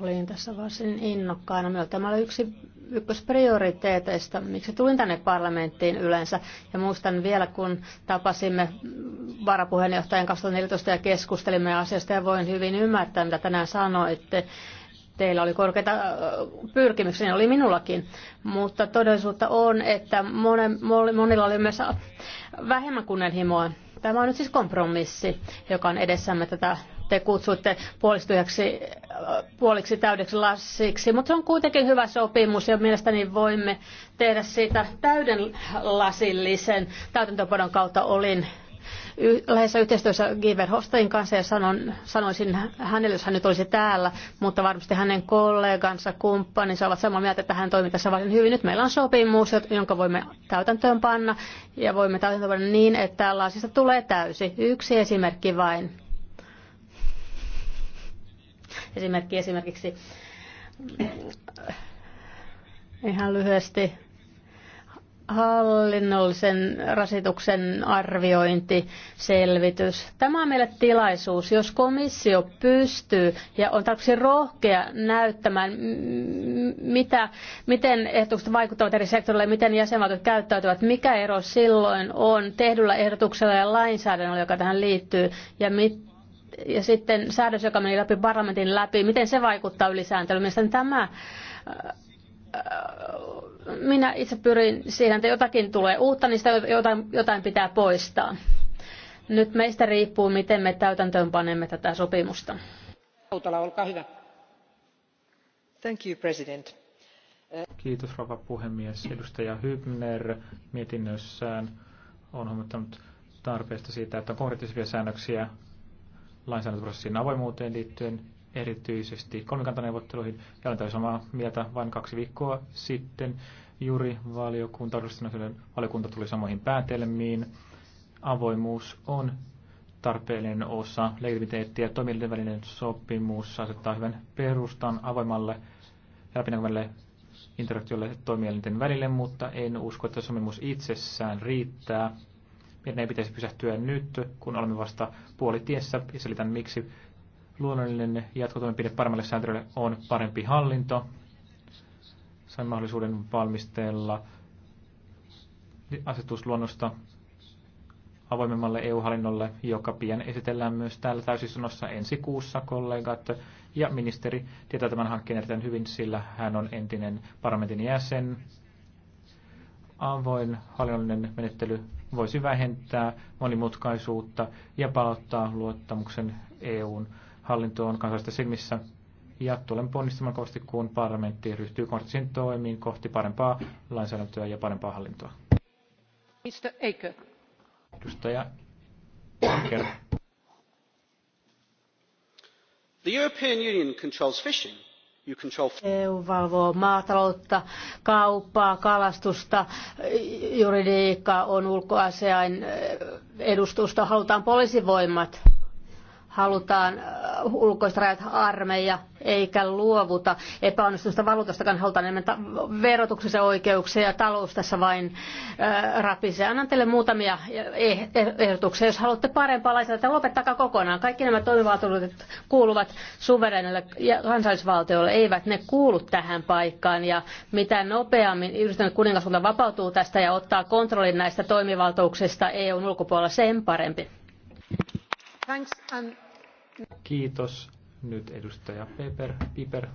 Olin tässä varsin innokkaana. Minulla tämä oli yksi ykkösprioriteeteista, miksi tulin tänne parlamenttiin yleensä. Ja muistan vielä, kun tapasimme varapuheenjohtajan 2014 ja keskustelimme asiasta ja voin hyvin ymmärtää, mitä tänään sanoitte. Teillä oli korkeita pyrkimyksiä, niin oli minullakin, mutta todellisuutta on, että monilla oli myös vähemmän kunnianhimoa. Tämä on nyt siis kompromissi, joka on edessämme tätä te kutsuitte puoliksi täydeksi lassiksi, mutta se on kuitenkin hyvä sopimus ja mielestäni voimme tehdä siitä täyden lasillisen täytäntöpodon kautta. Olin lähes yhteistyössä Giver Hofstadin kanssa ja sanon, sanoisin hänelle, jos hän nyt olisi täällä, mutta varmasti hänen kollegansa, kumppaninsa ovat samaa mieltä, että hän toimii tässä varsin hyvin. Nyt meillä on sopimus, jonka voimme täytäntöön panna ja voimme täytäntöön panna niin, että tällaisista tulee täysi. Yksi esimerkki vain. Esimerkki esimerkiksi ihan lyhyesti hallinnollisen rasituksen arviointi, selvitys. Tämä on meille tilaisuus, jos komissio pystyy ja on tarpeeksi rohkea näyttämään, mitä, miten ehdotukset vaikuttavat eri sektoreille, miten jäsenvaltiot käyttäytyvät, mikä ero silloin on tehdyllä ehdotuksella ja lainsäädännöllä, joka tähän liittyy, ja mit, ja sitten säädös, joka meni läpi parlamentin läpi, miten se vaikuttaa ylisääntelyyn. Mielestäni tämä äh, äh, minä itse pyrin siihen, että jotakin tulee uutta, niin sitä jotain, jotain pitää poistaa. Nyt meistä riippuu, miten me täytäntöön panemme tätä sopimusta. Hautala, olkaa hyvä. Thank you, President. Kiitos rouva puhemies. Edustaja Hybner mietinnössään on huomattanut tarpeesta siitä, että on konkreettisia säännöksiä lainsäädäntöprosessin avoimuuteen liittyen erityisesti kolmikantaneuvotteluihin. Ja olen samaa mieltä vain kaksi viikkoa sitten. Juuri valiokunta, valiokunta tuli samoihin päätelmiin. Avoimuus on tarpeellinen osa ja Toimijoiden välinen sopimus asettaa hyvän perustan avoimalle ja läpinäkyvälle interaktiolle toimielinten välille, mutta en usko, että sopimus itsessään riittää. Meidän ei pitäisi pysähtyä nyt, kun olemme vasta puolitiessä, ja selitän miksi Luonnollinen jatkotoimenpide paremmalle sääntelylle on parempi hallinto. Sain mahdollisuuden valmistella asetusluonnosta avoimemmalle EU-hallinnolle, joka pian esitellään myös täällä täysistunnossa ensi kuussa kollegat. Ja ministeri tietää tämän hankkeen erittäin hyvin, sillä hän on entinen parlamentin jäsen. Avoin hallinnollinen menettely voisi vähentää monimutkaisuutta ja palauttaa luottamuksen EUn hallinto on kansallista silmissä. Ja tulen ponnistamaan kovasti, kun parlamentti ryhtyy konstruktiivisiin toimiin kohti parempaa lainsäädäntöä ja parempaa hallintoa. Mr. Eikö. Edustaja Eker. The European Union controls fishing. You control... EU valvoo maataloutta, kauppaa, kalastusta, juridiikka on ulkoasiain eh, edustusta, halutaan poliisivoimat halutaan äh, ulkoista rajat armeija eikä luovuta epäonnistusta valuutastakaan, halutaan enemmän verotuksessa oikeuksia ja talous tässä vain äh, rapisee. Annan teille muutamia äh, eh-, eh-, ehdotuksia. Jos haluatte parempaa lainsäädäntöä, lopettakaa kokonaan. Kaikki nämä toimivaltuudet kuuluvat suverenille ja kansallisvaltioille, eivät ne kuulu tähän paikkaan. Ja mitä nopeammin yhdistynyt kuningaskunta vapautuu tästä ja ottaa kontrollin näistä toimivaltuuksista EUn ulkopuolella, sen parempi. Kiitos. Nyt edustaja Piper. Piper.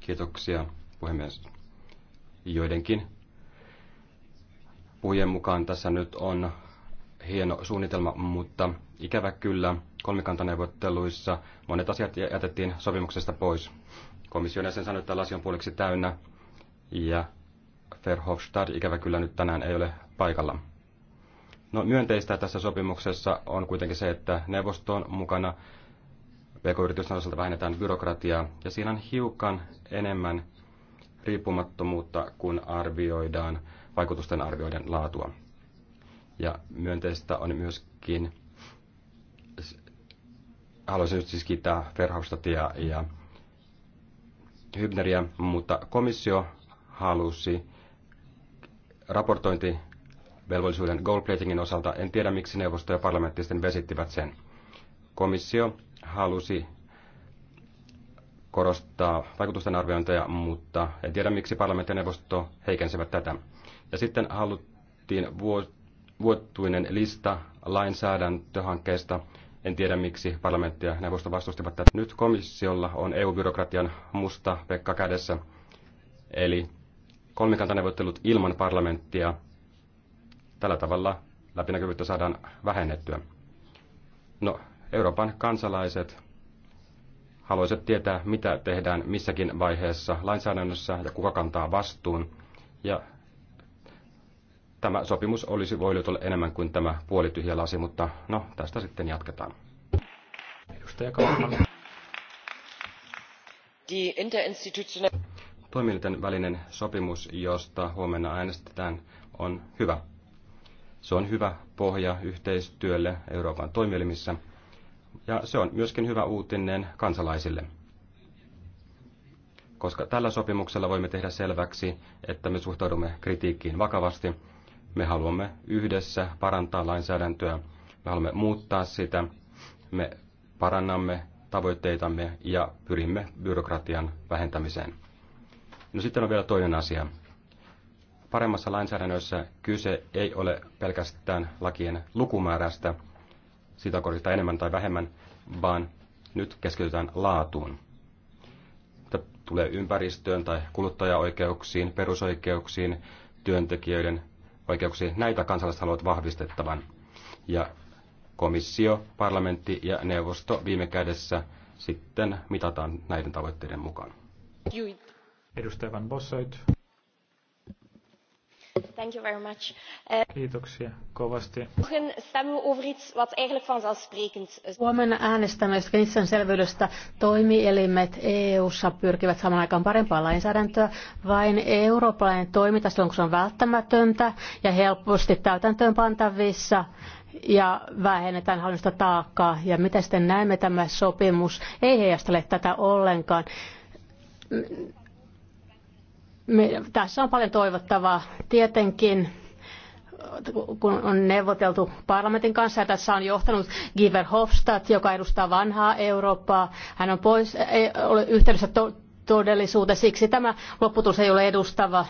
Kiitoksia, puhemies. Joidenkin puhujen mukaan tässä nyt on hieno suunnitelma, mutta ikävä kyllä kolmikantaneuvotteluissa monet asiat jätettiin sopimuksesta pois. Komission jäsen sanoi, että lasi on puoliksi täynnä ja Verhofstadt ikävä kyllä nyt tänään ei ole paikalla. No myönteistä tässä sopimuksessa on kuitenkin se, että neuvoston mukana. PK-yritysten osalta vähennetään byrokratiaa ja siinä on hiukan enemmän riippumattomuutta, kun arvioidaan vaikutusten arvioiden laatua. Ja myönteistä on myöskin, haluaisin nyt siis kiittää Verhofstadtia ja Hybneriä, mutta komissio halusi raportointi velvollisuuden goldplatingin osalta. En tiedä, miksi neuvosto ja parlamentti sitten vesittivät sen. Komissio halusi korostaa vaikutusten arviointeja, mutta en tiedä, miksi parlamentti ja neuvosto heikensivät tätä. Ja sitten haluttiin vuotuinen lista lainsäädäntöhankkeista. En tiedä, miksi parlamentti ja neuvosto vastustivat tätä. Nyt komissiolla on EU-byrokratian musta pekka kädessä. Eli kolmikantaneuvottelut ilman parlamenttia Tällä tavalla läpinäkyvyyttä saadaan vähennettyä. No, Euroopan kansalaiset haluaisivat tietää, mitä tehdään missäkin vaiheessa lainsäädännössä ja kuka kantaa vastuun. Ja tämä sopimus olisi voinut olla enemmän kuin tämä puolityhjä lasi, mutta no, tästä sitten jatketaan. Edustaja Kaupan. Toimielinten välinen sopimus, josta huomenna äänestetään, on hyvä se on hyvä pohja yhteistyölle Euroopan toimielimissä ja se on myöskin hyvä uutinen kansalaisille. Koska tällä sopimuksella voimme tehdä selväksi, että me suhtaudumme kritiikkiin vakavasti, me haluamme yhdessä parantaa lainsäädäntöä, me haluamme muuttaa sitä, me parannamme tavoitteitamme ja pyrimme byrokratian vähentämiseen. No sitten on vielä toinen asia, paremmassa lainsäädännössä kyse ei ole pelkästään lakien lukumäärästä, sitä korjataan enemmän tai vähemmän, vaan nyt keskitytään laatuun. Tämä tulee ympäristöön tai kuluttajaoikeuksiin, perusoikeuksiin, työntekijöiden oikeuksiin. Näitä kansalaiset haluavat vahvistettavan. Ja komissio, parlamentti ja neuvosto viime kädessä sitten mitataan näiden tavoitteiden mukaan. Edustaja Van Bossoit. Kiitoksia kovasti. Eh, Huomenna äänestämme jostakin itsenselvyydestä. Toimielimet EU-ssa pyrkivät saman aikaan parempaa lainsäädäntöä. Vain eurooppalainen toiminta silloin, kun se on välttämätöntä ja helposti täytäntöön pantavissa ja vähennetään hallinnosta taakkaa. Ja mitä sitten näemme, tämä sopimus ei heijastele tätä ollenkaan me, tässä on paljon toivottavaa. Tietenkin kun on neuvoteltu parlamentin kanssa ja tässä on johtanut Guy Verhofstadt, joka edustaa vanhaa Eurooppaa. Hän on pois, ei ole yhteydessä to- todellisuuteen, siksi tämä lopputulos ei ole edustava.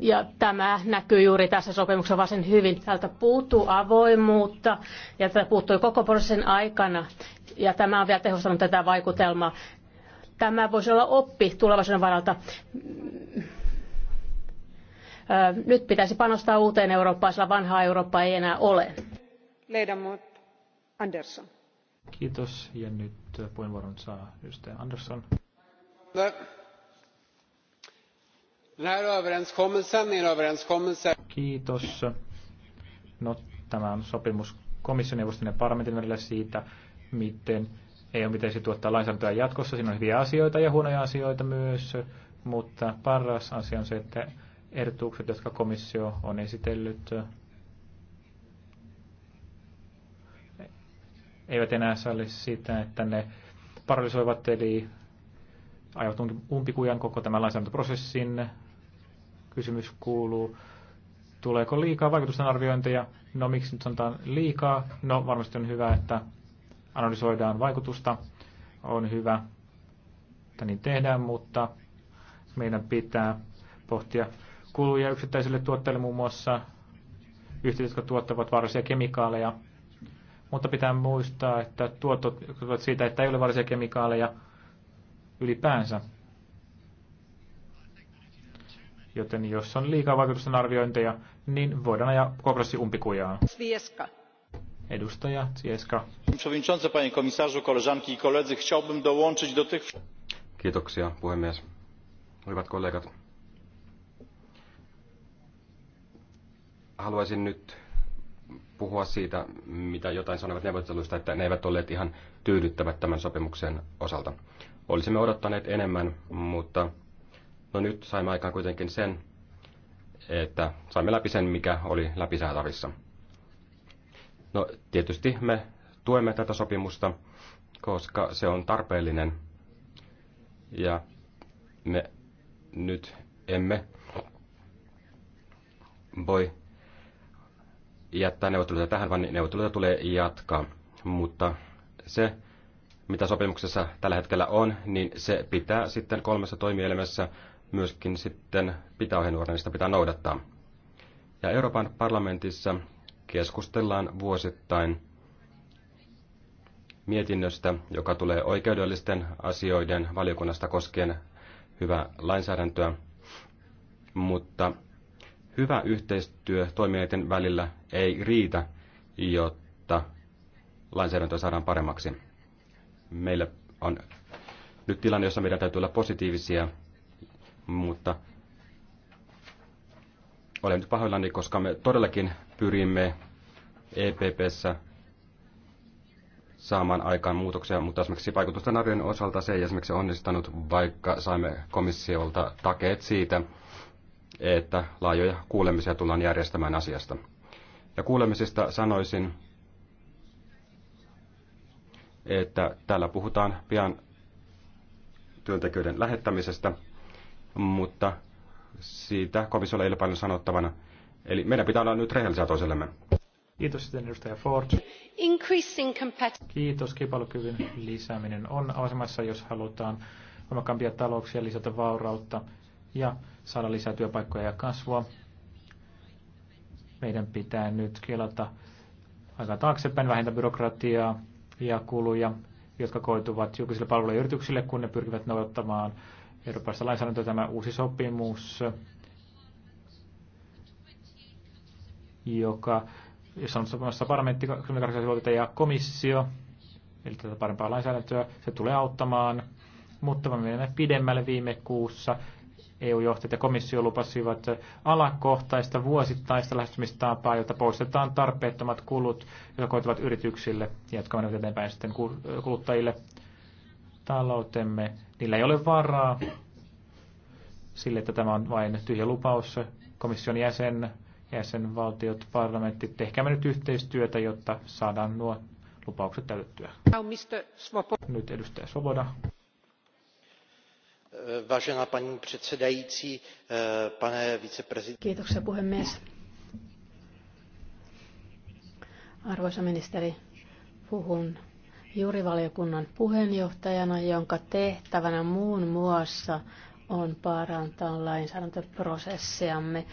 Ja tämä näkyy juuri tässä sopimuksessa varsin hyvin. Täältä puuttuu avoimuutta ja tätä puuttui koko prosessin aikana. Ja tämä on vielä tehostanut tätä vaikutelmaa. Tämä voisi olla oppi tulevaisuuden varalta. Nyt pitäisi panostaa uuteen Eurooppaan, sillä vanhaa Eurooppaa ei enää ole. Ledamot Andersson. Kiitos. Ja nyt puheenvuoron saa ystävä Andersson. Kiitos. No, tämä on sopimus komission ja parlamentin välillä siitä, miten ei ole miten tuottaa lainsäädäntöä jatkossa. Siinä on hyviä asioita ja huonoja asioita myös, mutta paras asia on se, että ehdotukset, jotka komissio on esitellyt, eivät enää salli sitä, että ne paralysoivat, eli ajavat umpikujan koko tämän lainsäädäntöprosessin. Kysymys kuuluu, tuleeko liikaa vaikutusten arviointeja? No miksi nyt sanotaan liikaa? No varmasti on hyvä, että analysoidaan vaikutusta, on hyvä, että niin tehdään, mutta meidän pitää pohtia kuluja yksittäisille tuotteille muun muassa yhtiöt, jotka tuottavat vaarallisia kemikaaleja. Mutta pitää muistaa, että tuotot siitä, että ei ole vaarallisia kemikaaleja ylipäänsä. Joten jos on liikaa vaikutusten arviointeja, niin voidaan ajaa kokrassi umpikujaan. Svieska. Edustaja Przewodniczący, panie komisarzu, koleżanki i koledzy, chciałbym dołączyć do tych... Kiitoksia, puhemies. Hyvät kollegat. Haluaisin nyt puhua siitä, mitä jotain sanovat neuvotteluista, että ne eivät olleet ihan tyydyttävät tämän sopimuksen osalta. Olisimme odottaneet enemmän, mutta no nyt saimme aikaan kuitenkin sen, että saimme läpi sen, mikä oli läpisäätävissä. No tietysti me tuemme tätä sopimusta, koska se on tarpeellinen ja me nyt emme voi jättää neuvotteluita tähän, vaan neuvotteluita tulee jatkaa. Mutta se, mitä sopimuksessa tällä hetkellä on, niin se pitää sitten kolmessa toimielimessä myöskin sitten pitää ohjenuorana, pitää noudattaa. Ja Euroopan parlamentissa keskustellaan vuosittain mietinnöstä, joka tulee oikeudellisten asioiden valiokunnasta koskien hyvää lainsäädäntöä, mutta hyvä yhteistyö toimijoiden välillä ei riitä, jotta lainsäädäntö saadaan paremmaksi. Meillä on nyt tilanne, jossa meidän täytyy olla positiivisia, mutta olen nyt pahoillani, koska me todellakin pyrimme EPPssä saamaan aikaan muutoksia, mutta esimerkiksi vaikutusten arvion osalta se ei esimerkiksi onnistunut, vaikka saimme komissiolta takeet siitä, että laajoja kuulemisia tullaan järjestämään asiasta. Ja kuulemisista sanoisin, että täällä puhutaan pian työntekijöiden lähettämisestä, mutta siitä komissiolla ei ole paljon sanottavana. Eli meidän pitää olla nyt rehellisiä toisellemme. Kiitos sitten edustaja Ford. Increasing Kiitos. Kilpailukyvyn lisääminen on asemassa, jos halutaan voimakkaampia talouksia, lisätä vaurautta ja saada lisää työpaikkoja ja kasvua. Meidän pitää nyt kelata aika taaksepäin, vähentää byrokratiaa ja kuluja, jotka koituvat julkisille palveluille yrityksille, kun ne pyrkivät noudattamaan eurooppalaista lainsäädäntöä. Tämä uusi sopimus joka jossa on samassa parlamentti 28 ja komissio, eli tätä parempaa lainsäädäntöä, se tulee auttamaan. Mutta me menemme pidemmälle viime kuussa. EU-johtajat ja komissio lupasivat alakohtaista vuosittaista lähestymistapaa, jota poistetaan tarpeettomat kulut, jotka koituvat yrityksille ja jotka menevät eteenpäin sitten kuluttajille taloutemme. Niillä ei ole varaa sille, että tämä on vain tyhjä lupaus. Komission jäsen jäsenvaltiot, parlamentti, tehkäämme nyt yhteistyötä, jotta saadaan nuo lupaukset täytettyä. Nyt edustaja Svoboda. Vážená paní předsedající, eh, pane viceprezident. Kiitoksia puhemies. Arvoisa ministeri, puhun valiokunnan puheenjohtajana, jonka tehtävänä muun muassa on parantaa lainsäädäntöprosessiamme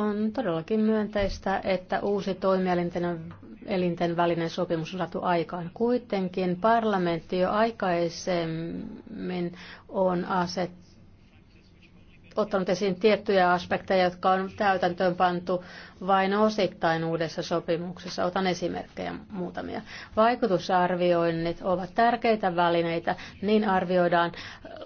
on todellakin myönteistä, että uusi toimielinten elinten välinen sopimus on saatu aikaan. Kuitenkin parlamentti jo aikaisemmin on asettanut ottanut esiin tiettyjä aspekteja, jotka on täytäntöön pantu vain osittain uudessa sopimuksessa. Otan esimerkkejä muutamia. Vaikutusarvioinnit ovat tärkeitä välineitä, niin arvioidaan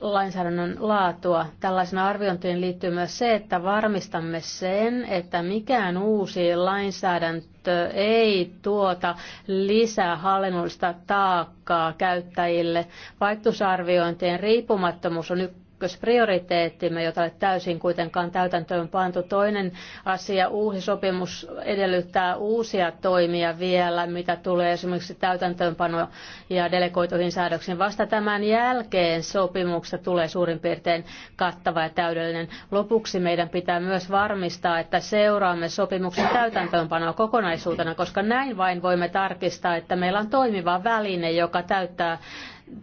lainsäädännön laatua. Tällaisena arviointiin liittyy myös se, että varmistamme sen, että mikään uusi lainsäädäntö ei tuota lisää hallinnollista taakkaa käyttäjille. Vaikutusarviointien riippumattomuus on yksi ykkösprioriteettimme, jota ei täysin kuitenkaan täytäntöön pantu. Toinen asia, uusi sopimus edellyttää uusia toimia vielä, mitä tulee esimerkiksi täytäntöönpano ja delegoituihin säädöksiin. Vasta tämän jälkeen sopimuksesta tulee suurin piirtein kattava ja täydellinen. Lopuksi meidän pitää myös varmistaa, että seuraamme sopimuksen täytäntöönpanoa kokonaisuutena, koska näin vain voimme tarkistaa, että meillä on toimiva väline, joka täyttää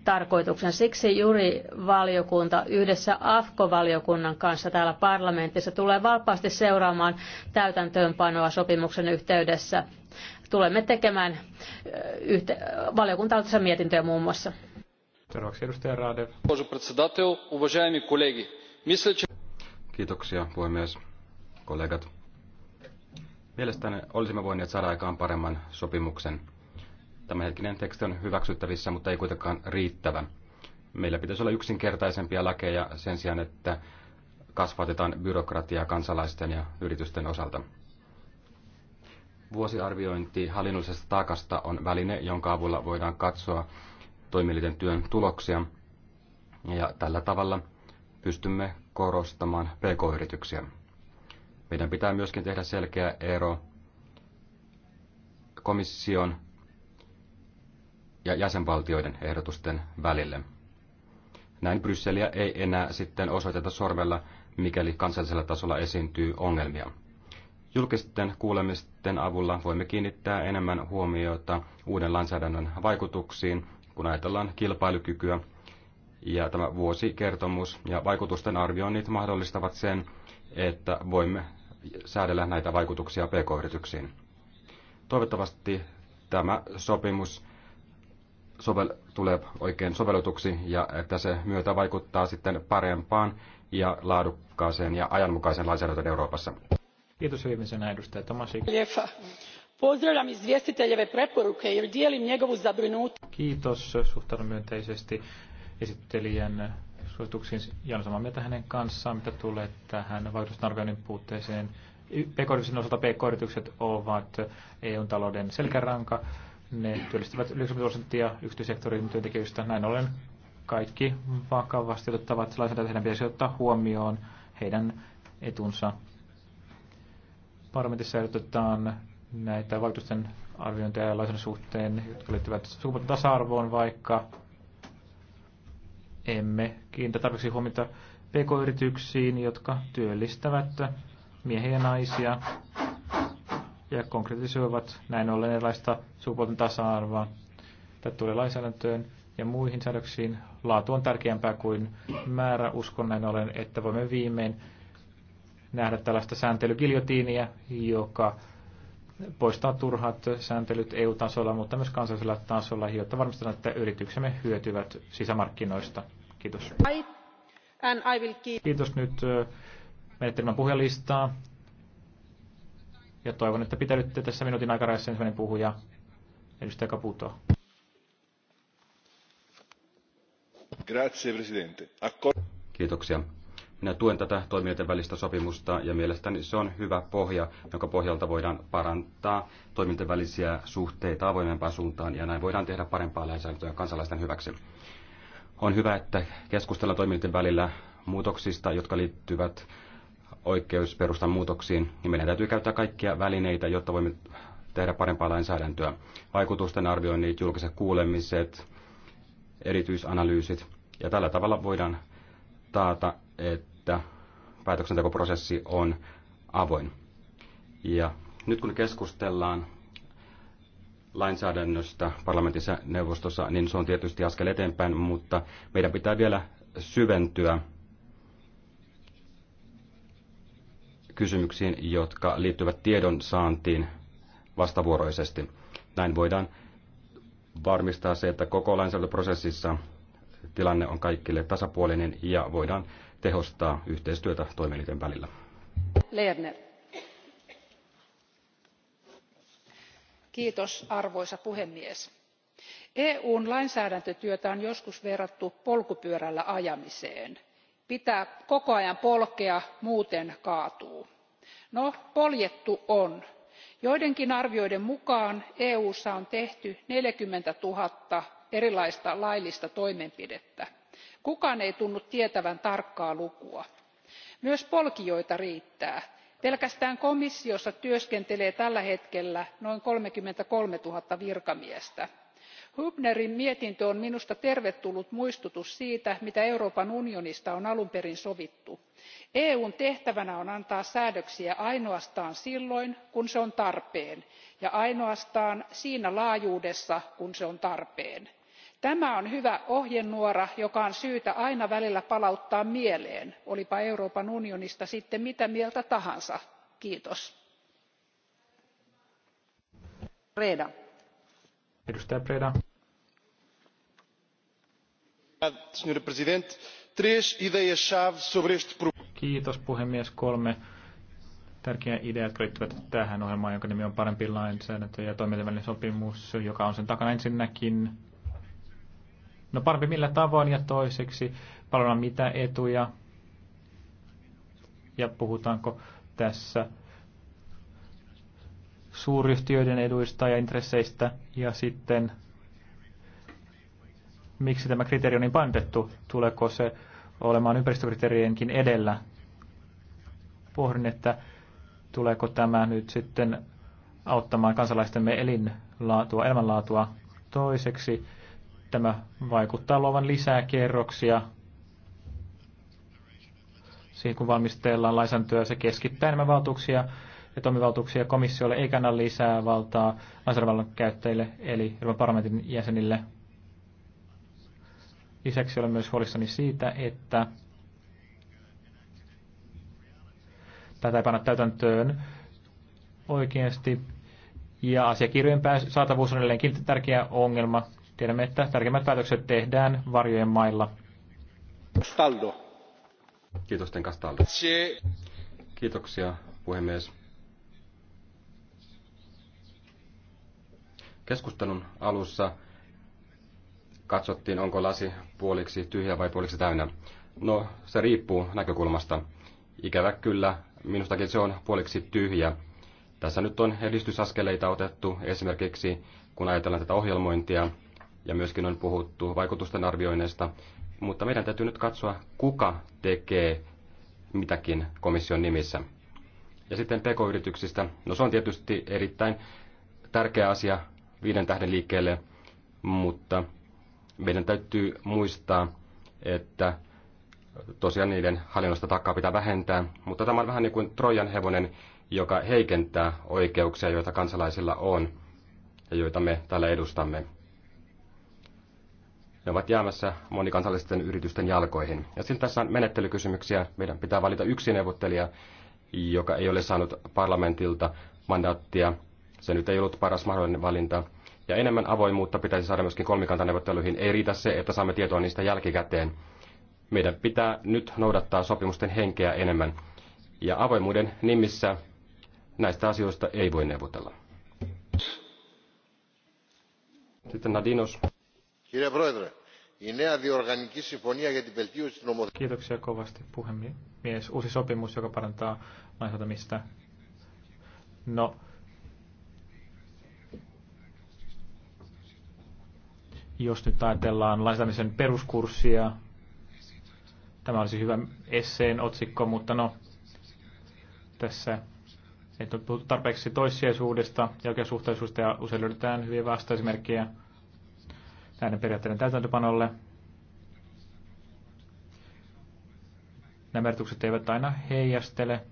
tarkoituksen. Siksi juuri valiokunta yhdessä AFKO-valiokunnan kanssa täällä parlamentissa tulee valpaasti seuraamaan täytäntöönpanoa sopimuksen yhteydessä. Tulemme tekemään yhte- valiokunta mietintöjä muun muassa. Seuraavaksi edustaja Raadev. Kiitoksia puhemies, kollegat. Mielestäni olisimme voineet saada aikaan paremman sopimuksen. Tämänhetkinen teksti on hyväksyttävissä, mutta ei kuitenkaan riittävä. Meillä pitäisi olla yksinkertaisempia lakeja sen sijaan, että kasvatetaan byrokratiaa kansalaisten ja yritysten osalta. Vuosiarviointi hallinnollisesta taakasta on väline, jonka avulla voidaan katsoa toimielinten työn tuloksia, ja tällä tavalla pystymme korostamaan pk-yrityksiä. Meidän pitää myöskin tehdä selkeä ero komission ja jäsenvaltioiden ehdotusten välille. Näin Brysseliä ei enää sitten osoiteta sormella, mikäli kansallisella tasolla esiintyy ongelmia. Julkisten kuulemisten avulla voimme kiinnittää enemmän huomiota uuden lainsäädännön vaikutuksiin, kun ajatellaan kilpailukykyä. Ja tämä vuosikertomus ja vaikutusten arvioinnit mahdollistavat sen, että voimme säädellä näitä vaikutuksia pk-yrityksiin. Toivottavasti tämä sopimus sovel- tulee oikein sovellutuksi ja että se myötä vaikuttaa sitten parempaan ja laadukkaaseen ja ajanmukaiseen lainsäädäntöön Euroopassa. Kiitos viimeisenä edustaja Tomasi. Pozdravljam izvjestiteljeve preporuke jer dijelim njegovu zabrinut. Kiitos, suhtaudun myönteisesti esittelijän suosituksiin ja olen samaa mieltä hänen kanssaan, mitä tulee tähän vaikutusten puutteeseen. pk osalta pk ovat eu talouden selkäranka ne työllistävät 90 prosenttia yksityissektorin työntekijöistä. Näin ollen kaikki vakavasti otettavat lainsäädäntöä heidän pitäisi ottaa huomioon heidän etunsa. Parlamentissa ehdotetaan näitä vaikutusten arviointeja ja suhteen, jotka liittyvät sukupuolten tasa-arvoon, vaikka emme kiinnitä tarpeeksi huomiota pk-yrityksiin, jotka työllistävät miehiä ja naisia ja konkretisoivat näin ollen erilaista sukupuolten tasa-arvoa. Tätä tulee lainsäädäntöön ja muihin säädöksiin. Laatu on tärkeämpää kuin määrä. Uskon näin ollen, että voimme viimein nähdä tällaista sääntelygiljotiiniä, joka poistaa turhat sääntelyt EU-tasolla, mutta myös kansallisella tasolla, jotta varmistetaan, että yrityksemme hyötyvät sisämarkkinoista. Kiitos. Kiitos nyt menettelemään puhelistaa. Ja toivon, että pitäydytte tässä minuutin aikarajassa ensimmäinen puhuja, edustaja Caputo. Grazie, presidente. Accor- Kiitoksia. Minä tuen tätä toimijoiden välistä sopimusta ja mielestäni se on hyvä pohja, jonka pohjalta voidaan parantaa toimijoiden välisiä suhteita avoimempaan suuntaan ja näin voidaan tehdä parempaa lainsäädäntöä kansalaisten hyväksi. On hyvä, että keskustellaan toimijoiden välillä muutoksista, jotka liittyvät oikeusperustan muutoksiin, niin meidän täytyy käyttää kaikkia välineitä, jotta voimme tehdä parempaa lainsäädäntöä. Vaikutusten arvioinnit, julkiset kuulemiset, erityisanalyysit. Ja tällä tavalla voidaan taata, että päätöksentekoprosessi on avoin. Ja nyt kun keskustellaan lainsäädännöstä parlamentissa neuvostossa, niin se on tietysti askel eteenpäin, mutta meidän pitää vielä syventyä kysymyksiin, jotka liittyvät tiedon saantiin vastavuoroisesti. Näin voidaan varmistaa se, että koko lainsäädäntöprosessissa tilanne on kaikille tasapuolinen ja voidaan tehostaa yhteistyötä toimielinten välillä. Lerner. Kiitos, arvoisa puhemies eun lainsäädäntötyötä on joskus verrattu polkupyörällä ajamiseen pitää koko ajan polkea muuten kaatuu. no poljettu on. joidenkin arvioiden mukaan eu ssa on tehty neljäkymmentä nolla erilaista laillista toimenpidettä. kukaan ei tunnu tietävän tarkkaa lukua. myös polkijoita riittää. pelkästään komissiossa työskentelee tällä hetkellä noin kolmekymmentäkolme nolla virkamiestä hbnerin mietintö on minusta tervetullut muistutus siitä mitä euroopan unionista on alun perin sovittu e n tehtävänä on antaa säädöksiä ainoastaan silloin kun se on tarpeen ja ainoastaan siinä laajuudessa kuin se on tarpeen. tämä on hyvä ohjenuora joka on syytä aina välillä palauttaa mieleen olipa euroopan unionista sitten mitä mieltä tahansa. kiitos. Edustaja Preda. Kiitos puhemies. Kolme tärkeää ideaa, jotka liittyvät tähän ohjelmaan, jonka nimi on parempi lainsäädäntö ja toimintavälinen sopimus, joka on sen takana ensinnäkin. No parempi millä tavoin ja toiseksi paljon mitä etuja ja puhutaanko tässä suuryhtiöiden eduista ja intresseistä ja sitten miksi tämä kriteeri on niin pandettu, tuleeko se olemaan ympäristökriteerienkin edellä. Pohdin, että tuleeko tämä nyt sitten auttamaan kansalaistemme elinlaatua, elämänlaatua toiseksi. Tämä vaikuttaa luovan lisää kerroksia siihen, kun valmistellaan lainsäädäntöä, se keskittää enemmän valtuuksia ja toimivaltuuksia komissiolle eikä anna lisää valtaa lainsäädännön käyttäjille eli Euroopan parlamentin jäsenille. Lisäksi olen myös huolissani siitä, että tätä ei panna täytäntöön oikeasti. Ja asiakirjojen saatavuus on edelleenkin tärkeä ongelma. Tiedämme, että tärkeimmät päätökset tehdään varjojen mailla. Staldo. Kiitos, Sten Castaldo. Kiitoksia, puhemies. Keskustelun alussa katsottiin, onko lasi puoliksi tyhjä vai puoliksi täynnä. No, se riippuu näkökulmasta. Ikävä kyllä, minustakin se on puoliksi tyhjä. Tässä nyt on edistysaskeleita otettu esimerkiksi, kun ajatellaan tätä ohjelmointia, ja myöskin on puhuttu vaikutusten arvioinneista, mutta meidän täytyy nyt katsoa, kuka tekee mitäkin komission nimissä. Ja sitten pk-yrityksistä, no se on tietysti erittäin tärkeä asia, viiden tähden liikkeelle, mutta meidän täytyy muistaa, että tosiaan niiden hallinnosta takkaa pitää vähentää, mutta tämä on vähän niin kuin Trojan hevonen, joka heikentää oikeuksia, joita kansalaisilla on ja joita me täällä edustamme. Ne ovat jäämässä monikansallisten yritysten jalkoihin. Ja sitten tässä on menettelykysymyksiä. Meidän pitää valita yksi neuvottelija, joka ei ole saanut parlamentilta mandaattia se nyt ei ollut paras mahdollinen valinta. Ja enemmän avoimuutta pitäisi saada myöskin kolmikantaneuvotteluihin. Ei riitä se, että saamme tietoa niistä jälkikäteen. Meidän pitää nyt noudattaa sopimusten henkeä enemmän. Ja avoimuuden nimissä näistä asioista ei voi neuvotella. Sitten Nadinos. Kiitoksia kovasti puhemies. Uusi sopimus, joka parantaa lainsäätämistä. No, Jos nyt ajatellaan lainsäädännön peruskurssia, tämä olisi hyvä esseen otsikko, mutta no, tässä ei ole puhuttu tarpeeksi toissijaisuudesta ja oikeasuhtaisuudesta ja usein löydetään hyviä vastaesimerkkejä näiden periaatteiden täytäntöpanolle. Nämä merkitykset eivät aina heijastele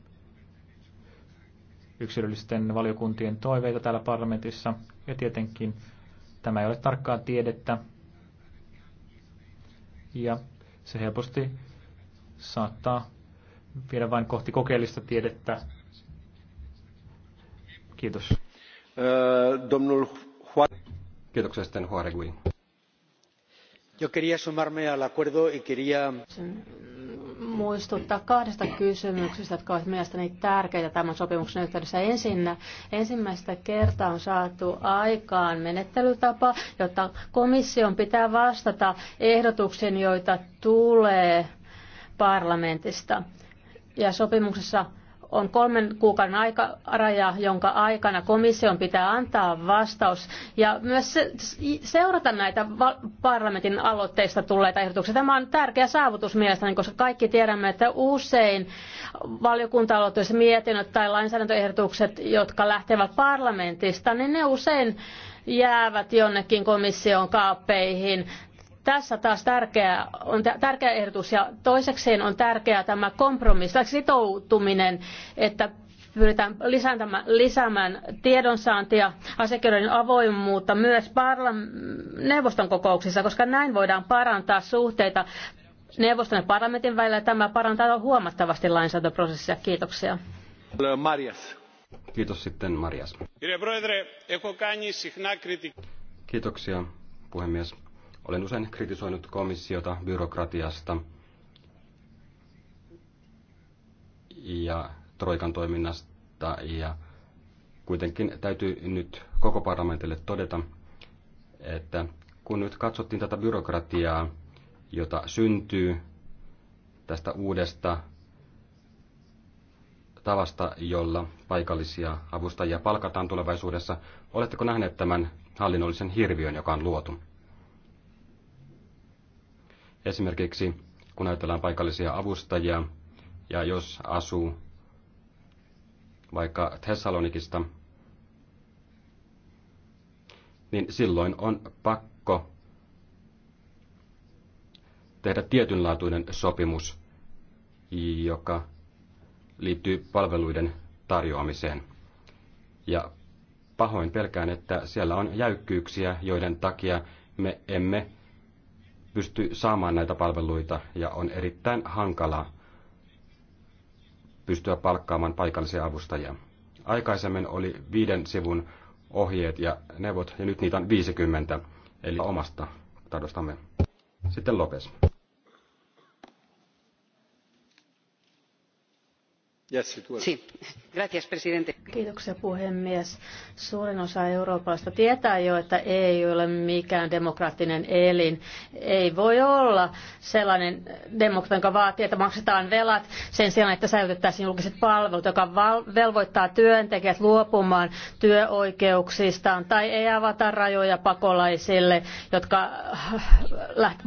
yksilöllisten valiokuntien toiveita täällä parlamentissa ja tietenkin Tämä ei ole tarkkaa tiedettä ja se helposti saattaa viedä vain kohti kokeellista tiedettä. Kiitos. Kiitoksia sitten Huareguin. Yo quería sumarme al acuerdo y quería muistuttaa kahdesta kysymyksestä, jotka ovat mielestäni tärkeitä tämän sopimuksen yhteydessä. Ensinnä, ensimmäistä kertaa on saatu aikaan menettelytapa, jotta komission pitää vastata ehdotuksen, joita tulee parlamentista. Ja sopimuksessa on kolmen kuukauden aikaraja, jonka aikana komission pitää antaa vastaus ja myös seurata näitä parlamentin aloitteista tulleita ehdotuksia. Tämä on tärkeä saavutus mielestäni, koska kaikki tiedämme, että usein valiokunta-aloitteissa mietinnöt tai lainsäädäntöehdotukset, jotka lähtevät parlamentista, niin ne usein jäävät jonnekin komission kaappeihin tässä taas tärkeä, on tärkeä ehdotus ja toisekseen on tärkeää tämä kompromissi, tai sitoutuminen, että pyritään lisäämään, lisäämään tiedonsaantia, asiakirjojen avoimuutta myös neuvoston kokouksissa, koska näin voidaan parantaa suhteita neuvoston ja parlamentin välillä. Tämä parantaa huomattavasti lainsäädäntöprosessia. Kiitoksia. Marias. Kiitos sitten Marias. Kiitoksia, puhemies. Olen usein kritisoinut komissiota byrokratiasta ja Troikan toiminnasta ja kuitenkin täytyy nyt koko parlamentille todeta, että kun nyt katsottiin tätä byrokratiaa, jota syntyy tästä uudesta tavasta, jolla paikallisia avustajia palkataan tulevaisuudessa. Oletteko nähneet tämän hallinnollisen hirviön, joka on luotu? Esimerkiksi kun ajatellaan paikallisia avustajia ja jos asuu vaikka Thessalonikista, niin silloin on pakko tehdä tietynlaatuinen sopimus, joka liittyy palveluiden tarjoamiseen. Ja pahoin pelkään, että siellä on jäykkyyksiä, joiden takia me emme pysty saamaan näitä palveluita ja on erittäin hankalaa pystyä palkkaamaan paikallisia avustajia. Aikaisemmin oli viiden sivun ohjeet ja neuvot, ja nyt niitä on 50, eli omasta tadostamme. Sitten Lopes. arvoisa puhemies suurin osa eurooppalaisista tietää jo että eu ei ole mikään demokraattinen elin. ei voi olla sellainen demokratia joka vaatii että maksetaan velat sen sijaan että säilytettäisiin julkiset palvelut joka velvoittaa työntekijät luopumaan työoikeuksistaan tai ei avata rajoja pakolaisille jotka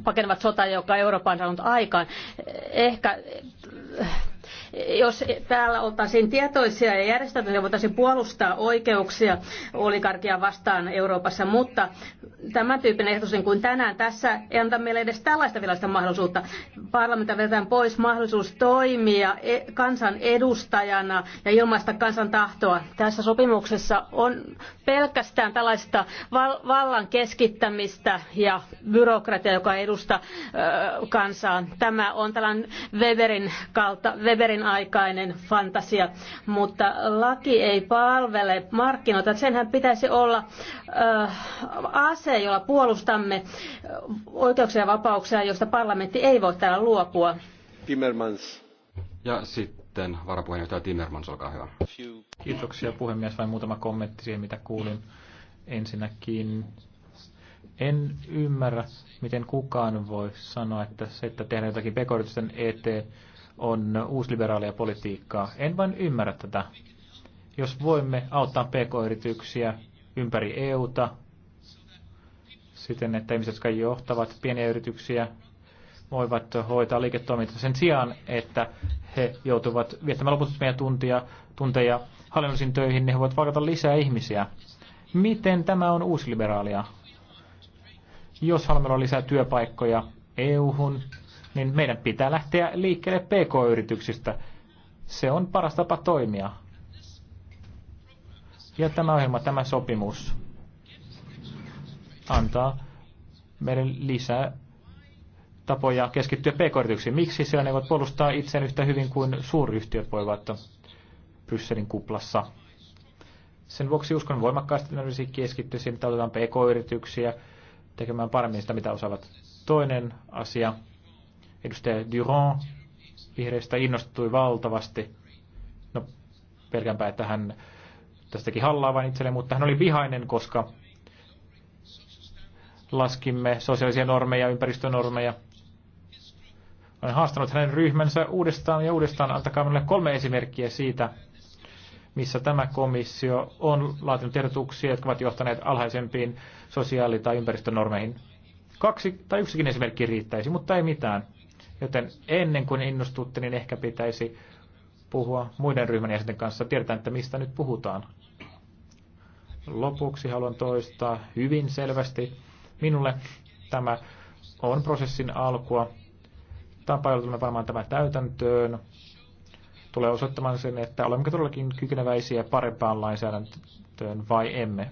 pakenevat sotaa joka eurooppa on saanut aikaan. ehkä jos täällä oltaisiin tietoisia ja järjestäytyneitä, voitaisiin puolustaa oikeuksia oligarkia vastaan Euroopassa, mutta tämän tyyppinen ehdotus niin kuin tänään tässä ei anta meille edes tällaista virallista mahdollisuutta. Parlamentta vedetään pois mahdollisuus toimia e- kansan edustajana ja ilmaista kansan tahtoa. Tässä sopimuksessa on pelkästään tällaista vallan keskittämistä ja byrokratia, joka edusta kansaa. Tämä on tällainen Weberin, kalta, Weberin aikainen fantasia, mutta laki ei palvele markkinoita. Senhän pitäisi olla ase ase, jolla puolustamme oikeuksia ja vapauksia, joista parlamentti ei voi täällä luopua. Timmermans. Ja sitten varapuheenjohtaja Timmermans, olkaa hyvä. Kiitoksia puhemies, vain muutama kommentti siihen, mitä kuulin. Ensinnäkin en ymmärrä, miten kukaan voi sanoa, että se, että tehdään jotakin pekoritusten eteen, on uusliberaalia politiikkaa. En vain ymmärrä tätä. Jos voimme auttaa pk-yrityksiä ympäri EUta, siten, että ihmiset, jotka johtavat pieniä yrityksiä, voivat hoitaa liiketoimintaa sen sijaan, että he joutuvat viettämään meidän tuntia, tunteja hallinnollisiin töihin, niin he voivat palkata lisää ihmisiä. Miten tämä on uusliberaalia? Jos haluamme lisää työpaikkoja EU-hun, niin meidän pitää lähteä liikkeelle PK-yrityksistä. Se on paras tapa toimia. Ja tämä ohjelma, tämä sopimus antaa meidän lisää tapoja keskittyä pk-yrityksiin. Miksi? siellä ne voivat puolustaa itseään yhtä hyvin kuin suuryhtiöt voivat Brysselin kuplassa. Sen vuoksi uskon voimakkaasti, että ne keskittyä siihen, että otetaan pk-yrityksiä tekemään paremmin sitä, mitä osaavat. Toinen asia, edustaja Durand vihreistä innostui valtavasti. No, pelkäänpä, että hän tästäkin hallaa vain itselleen, mutta hän oli vihainen, koska laskimme sosiaalisia normeja, ympäristönormeja. Olen haastanut hänen ryhmänsä uudestaan ja uudestaan. Antakaa minulle kolme esimerkkiä siitä, missä tämä komissio on laatinut ehdotuksia, jotka ovat johtaneet alhaisempiin sosiaali- tai ympäristönormeihin. Kaksi tai yksikin esimerkki riittäisi, mutta ei mitään. Joten ennen kuin innostutte, niin ehkä pitäisi puhua muiden ryhmän jäsenten kanssa. Tiedetään, että mistä nyt puhutaan. Lopuksi haluan toistaa hyvin selvästi, Minulle tämä on prosessin alkua. Tapailtuna varmaan tämä täytäntöön tulee osoittamaan sen, että olemmeko todellakin kykeneväisiä parempaan lainsäädäntöön vai emme.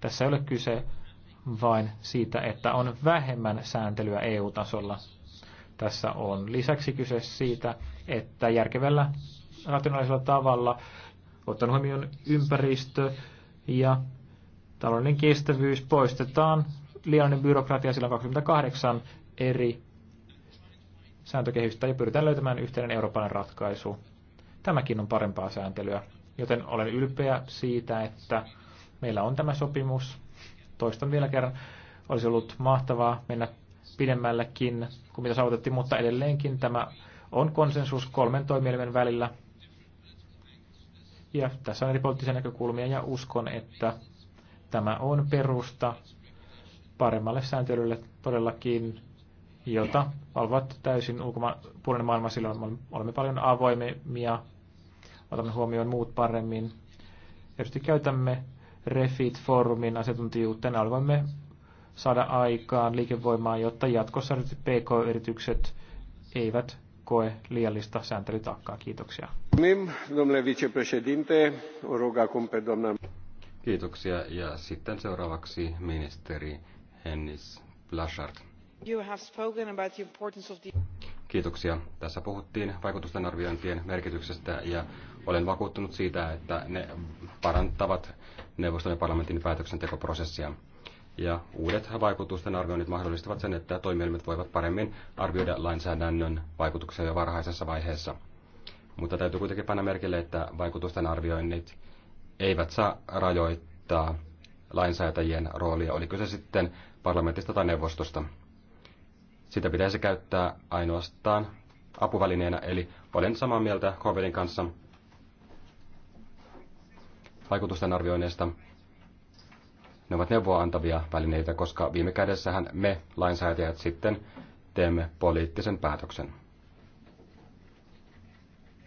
Tässä ei ole kyse vain siitä, että on vähemmän sääntelyä EU-tasolla. Tässä on lisäksi kyse siitä, että järkevällä rationaalisella tavalla ottaen huomioon ympäristö ja Taloudellinen kestävyys poistetaan liiallinen byrokratia sillä 28 eri sääntökehystä ja pyritään löytämään yhteinen eurooppalainen ratkaisu. Tämäkin on parempaa sääntelyä, joten olen ylpeä siitä, että meillä on tämä sopimus. Toistan vielä kerran, olisi ollut mahtavaa mennä pidemmällekin kuin mitä saavutettiin, mutta edelleenkin tämä on konsensus kolmen toimielimen välillä. Ja tässä on eri poliittisia näkökulmia ja uskon, että Tämä on perusta paremmalle sääntelylle todellakin, jota valvovat täysin ulkopuolinen maailma, silloin olemme paljon avoimia, otamme huomioon muut paremmin. Tietysti käytämme Refit-foorumin asiantuntijuutta, näin voimme saada aikaan liikevoimaa, jotta jatkossa PK-yritykset eivät koe liiallista sääntelytaakkaa. Kiitoksia. Domnule vicepreședinte, o rog acum pe Kiitoksia ja sitten seuraavaksi ministeri Hennis Blaschard. Kiitoksia. Tässä puhuttiin vaikutusten arviointien merkityksestä ja olen vakuuttunut siitä, että ne parantavat neuvoston ja parlamentin päätöksentekoprosessia. Ja uudet vaikutusten arvioinnit mahdollistavat sen, että toimielimet voivat paremmin arvioida lainsäädännön vaikutuksia jo varhaisessa vaiheessa. Mutta täytyy kuitenkin panna merkille, että vaikutusten arvioinnit eivät saa rajoittaa lainsäätäjien roolia, oliko se sitten parlamentista tai neuvostosta. Sitä pitäisi käyttää ainoastaan apuvälineenä, eli olen samaa mieltä Hovelin kanssa vaikutusten arvioinneista. Ne ovat neuvoa antavia välineitä, koska viime kädessähän me lainsäätäjät sitten teemme poliittisen päätöksen.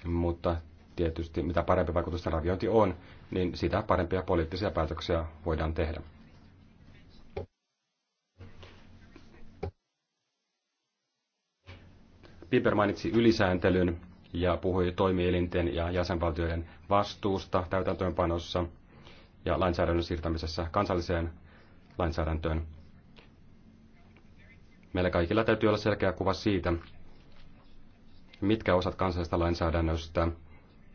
Mutta tietysti mitä parempi vaikutusten arviointi on, niin sitä parempia poliittisia päätöksiä voidaan tehdä. Piper mainitsi ylisääntelyn ja puhui toimielinten ja jäsenvaltioiden vastuusta täytäntöönpanossa ja lainsäädännön siirtämisessä kansalliseen lainsäädäntöön. Meillä kaikilla täytyy olla selkeä kuva siitä, mitkä osat kansallisesta lainsäädännöstä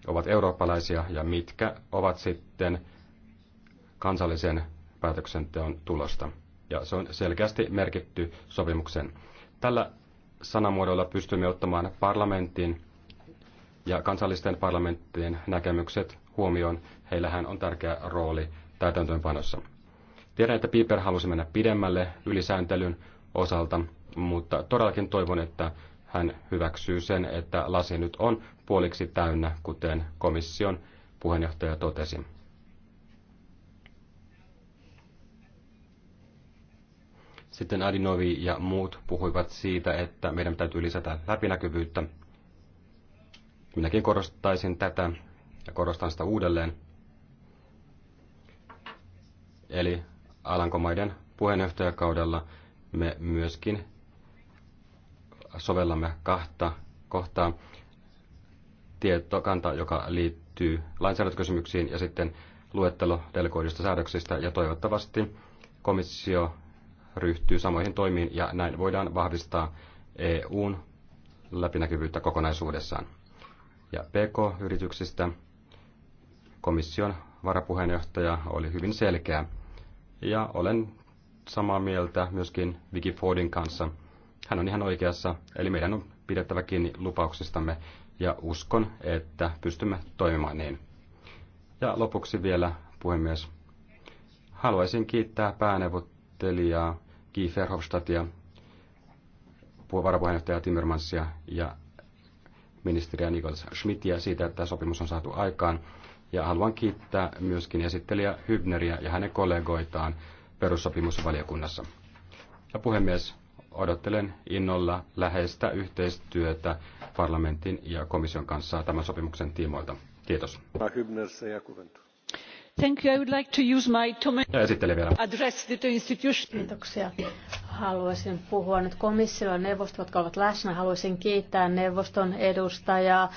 ovat eurooppalaisia ja mitkä ovat sitten kansallisen päätöksenteon tulosta. Ja se on selkeästi merkitty sopimuksen. Tällä sanamuodolla pystymme ottamaan parlamentin ja kansallisten parlamenttien näkemykset huomioon. Heillähän on tärkeä rooli täytäntöönpanossa. Tiedän, että Piper halusi mennä pidemmälle ylisääntelyn osalta, mutta todellakin toivon, että hän hyväksyy sen, että lasi nyt on puoliksi täynnä, kuten komission puheenjohtaja totesi. Sitten Adinovi ja muut puhuivat siitä, että meidän täytyy lisätä läpinäkyvyyttä. Minäkin korostaisin tätä ja korostan sitä uudelleen. Eli Alankomaiden puheenjohtajakaudella me myöskin sovellamme kahta kohtaa. Tietokanta, joka liittyy lainsäädäntökysymyksiin ja sitten luettelo delegoidusta säädöksistä ja toivottavasti komissio ryhtyy samoihin toimiin ja näin voidaan vahvistaa EUn läpinäkyvyyttä kokonaisuudessaan. Ja PK-yrityksistä komission varapuheenjohtaja oli hyvin selkeä ja olen samaa mieltä myöskin Vicky Fordin kanssa – hän on ihan oikeassa, eli meidän on pidettävä kiinni lupauksistamme ja uskon, että pystymme toimimaan niin. Ja lopuksi vielä, puhemies, haluaisin kiittää pääneuvottelijaa Guy Verhofstadtia, varapuheenjohtaja Timmermansia ja ministeriä Nikolas Schmidtia siitä, että sopimus on saatu aikaan. Ja haluan kiittää myöskin esittelijä Hybneriä ja hänen kollegoitaan perussopimusvaliokunnassa. Ja puhemies, odottelen innolla läheistä yhteistyötä parlamentin ja komission kanssa tämän sopimuksen tiimoilta. Kiitos. Thank you. I would like to use my to Address the institution. Kiitoksia. Haluaisin puhua nyt komissiolle neuvosto, jotka ovat läsnä. Haluaisin kiittää neuvoston edustajaa,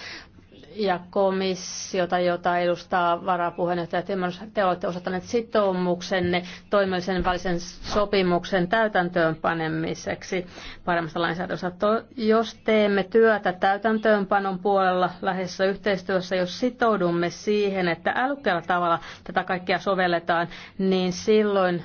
ja komissiota, jota edustaa varapuheenjohtaja Timmons, te olette osoittaneet sitoumuksenne toimellisen välisen sopimuksen täytäntöönpanemiseksi paremmasta lainsäädännöstä. jos teemme työtä täytäntöönpanon puolella läheisessä yhteistyössä, jos sitoudumme siihen, että älykkäällä tavalla tätä kaikkea sovelletaan, niin silloin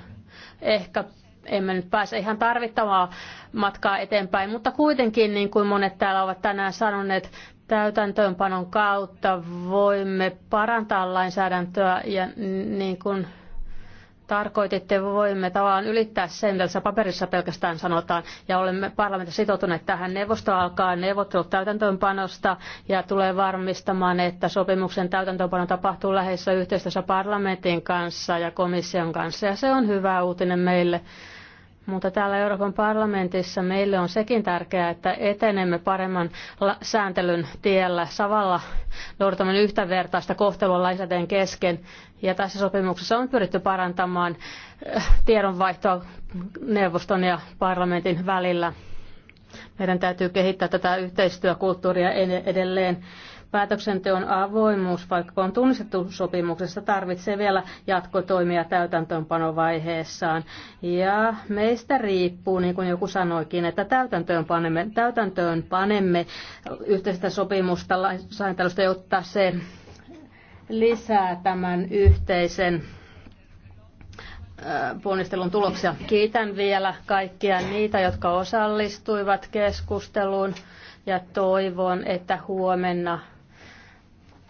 ehkä emme nyt pääse ihan tarvittavaa matkaa eteenpäin, mutta kuitenkin, niin kuin monet täällä ovat tänään sanoneet, täytäntöönpanon kautta voimme parantaa lainsäädäntöä ja niin kuin tarkoititte, voimme tavallaan ylittää sen, mitä tässä paperissa pelkästään sanotaan, ja olemme parlamentissa sitoutuneet tähän. Neuvosto alkaa neuvottelut täytäntöönpanosta ja tulee varmistamaan, että sopimuksen täytäntöönpano tapahtuu läheisessä yhteistyössä parlamentin kanssa ja komission kanssa, ja se on hyvä uutinen meille. Mutta täällä Euroopan parlamentissa meille on sekin tärkeää, että etenemme paremman sääntelyn tiellä. Savalla noudatamme yhtävertaista kohtelua lainsäätäjien kesken. Ja tässä sopimuksessa on pyritty parantamaan äh, tiedonvaihtoa neuvoston ja parlamentin välillä. Meidän täytyy kehittää tätä yhteistyökulttuuria edelleen. Päätöksenteon avoimuus, vaikka on tunnistettu sopimuksessa, tarvitsee vielä jatkotoimia täytäntöönpanovaiheessaan. Ja meistä riippuu, niin kuin joku sanoikin, että täytäntöönpanemme täytäntöönpanemme yhteistä sopimusta lainsäädäntöstä jotta se lisää tämän yhteisen äh, ponnistelun tuloksia. Kiitän vielä kaikkia niitä, jotka osallistuivat keskusteluun ja toivon, että huomenna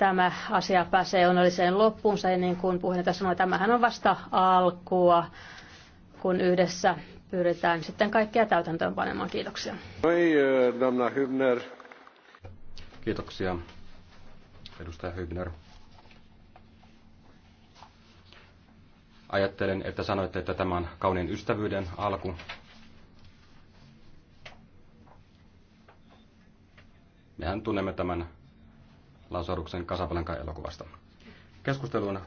tämä asia pääsee onnelliseen loppuunsa, ja niin kuin puheenjohtaja sanoi, tämähän on vasta alkua, kun yhdessä pyritään sitten kaikkia täytäntöön panemaan. Kiitoksia. Oi, Damna Hübner. Kiitoksia, edustaja Hübner. Ajattelen, että sanoitte, että tämä on kauniin ystävyyden alku. Mehän tunnemme tämän Lasaruksen kasapalan elokuvasta Keskusteluun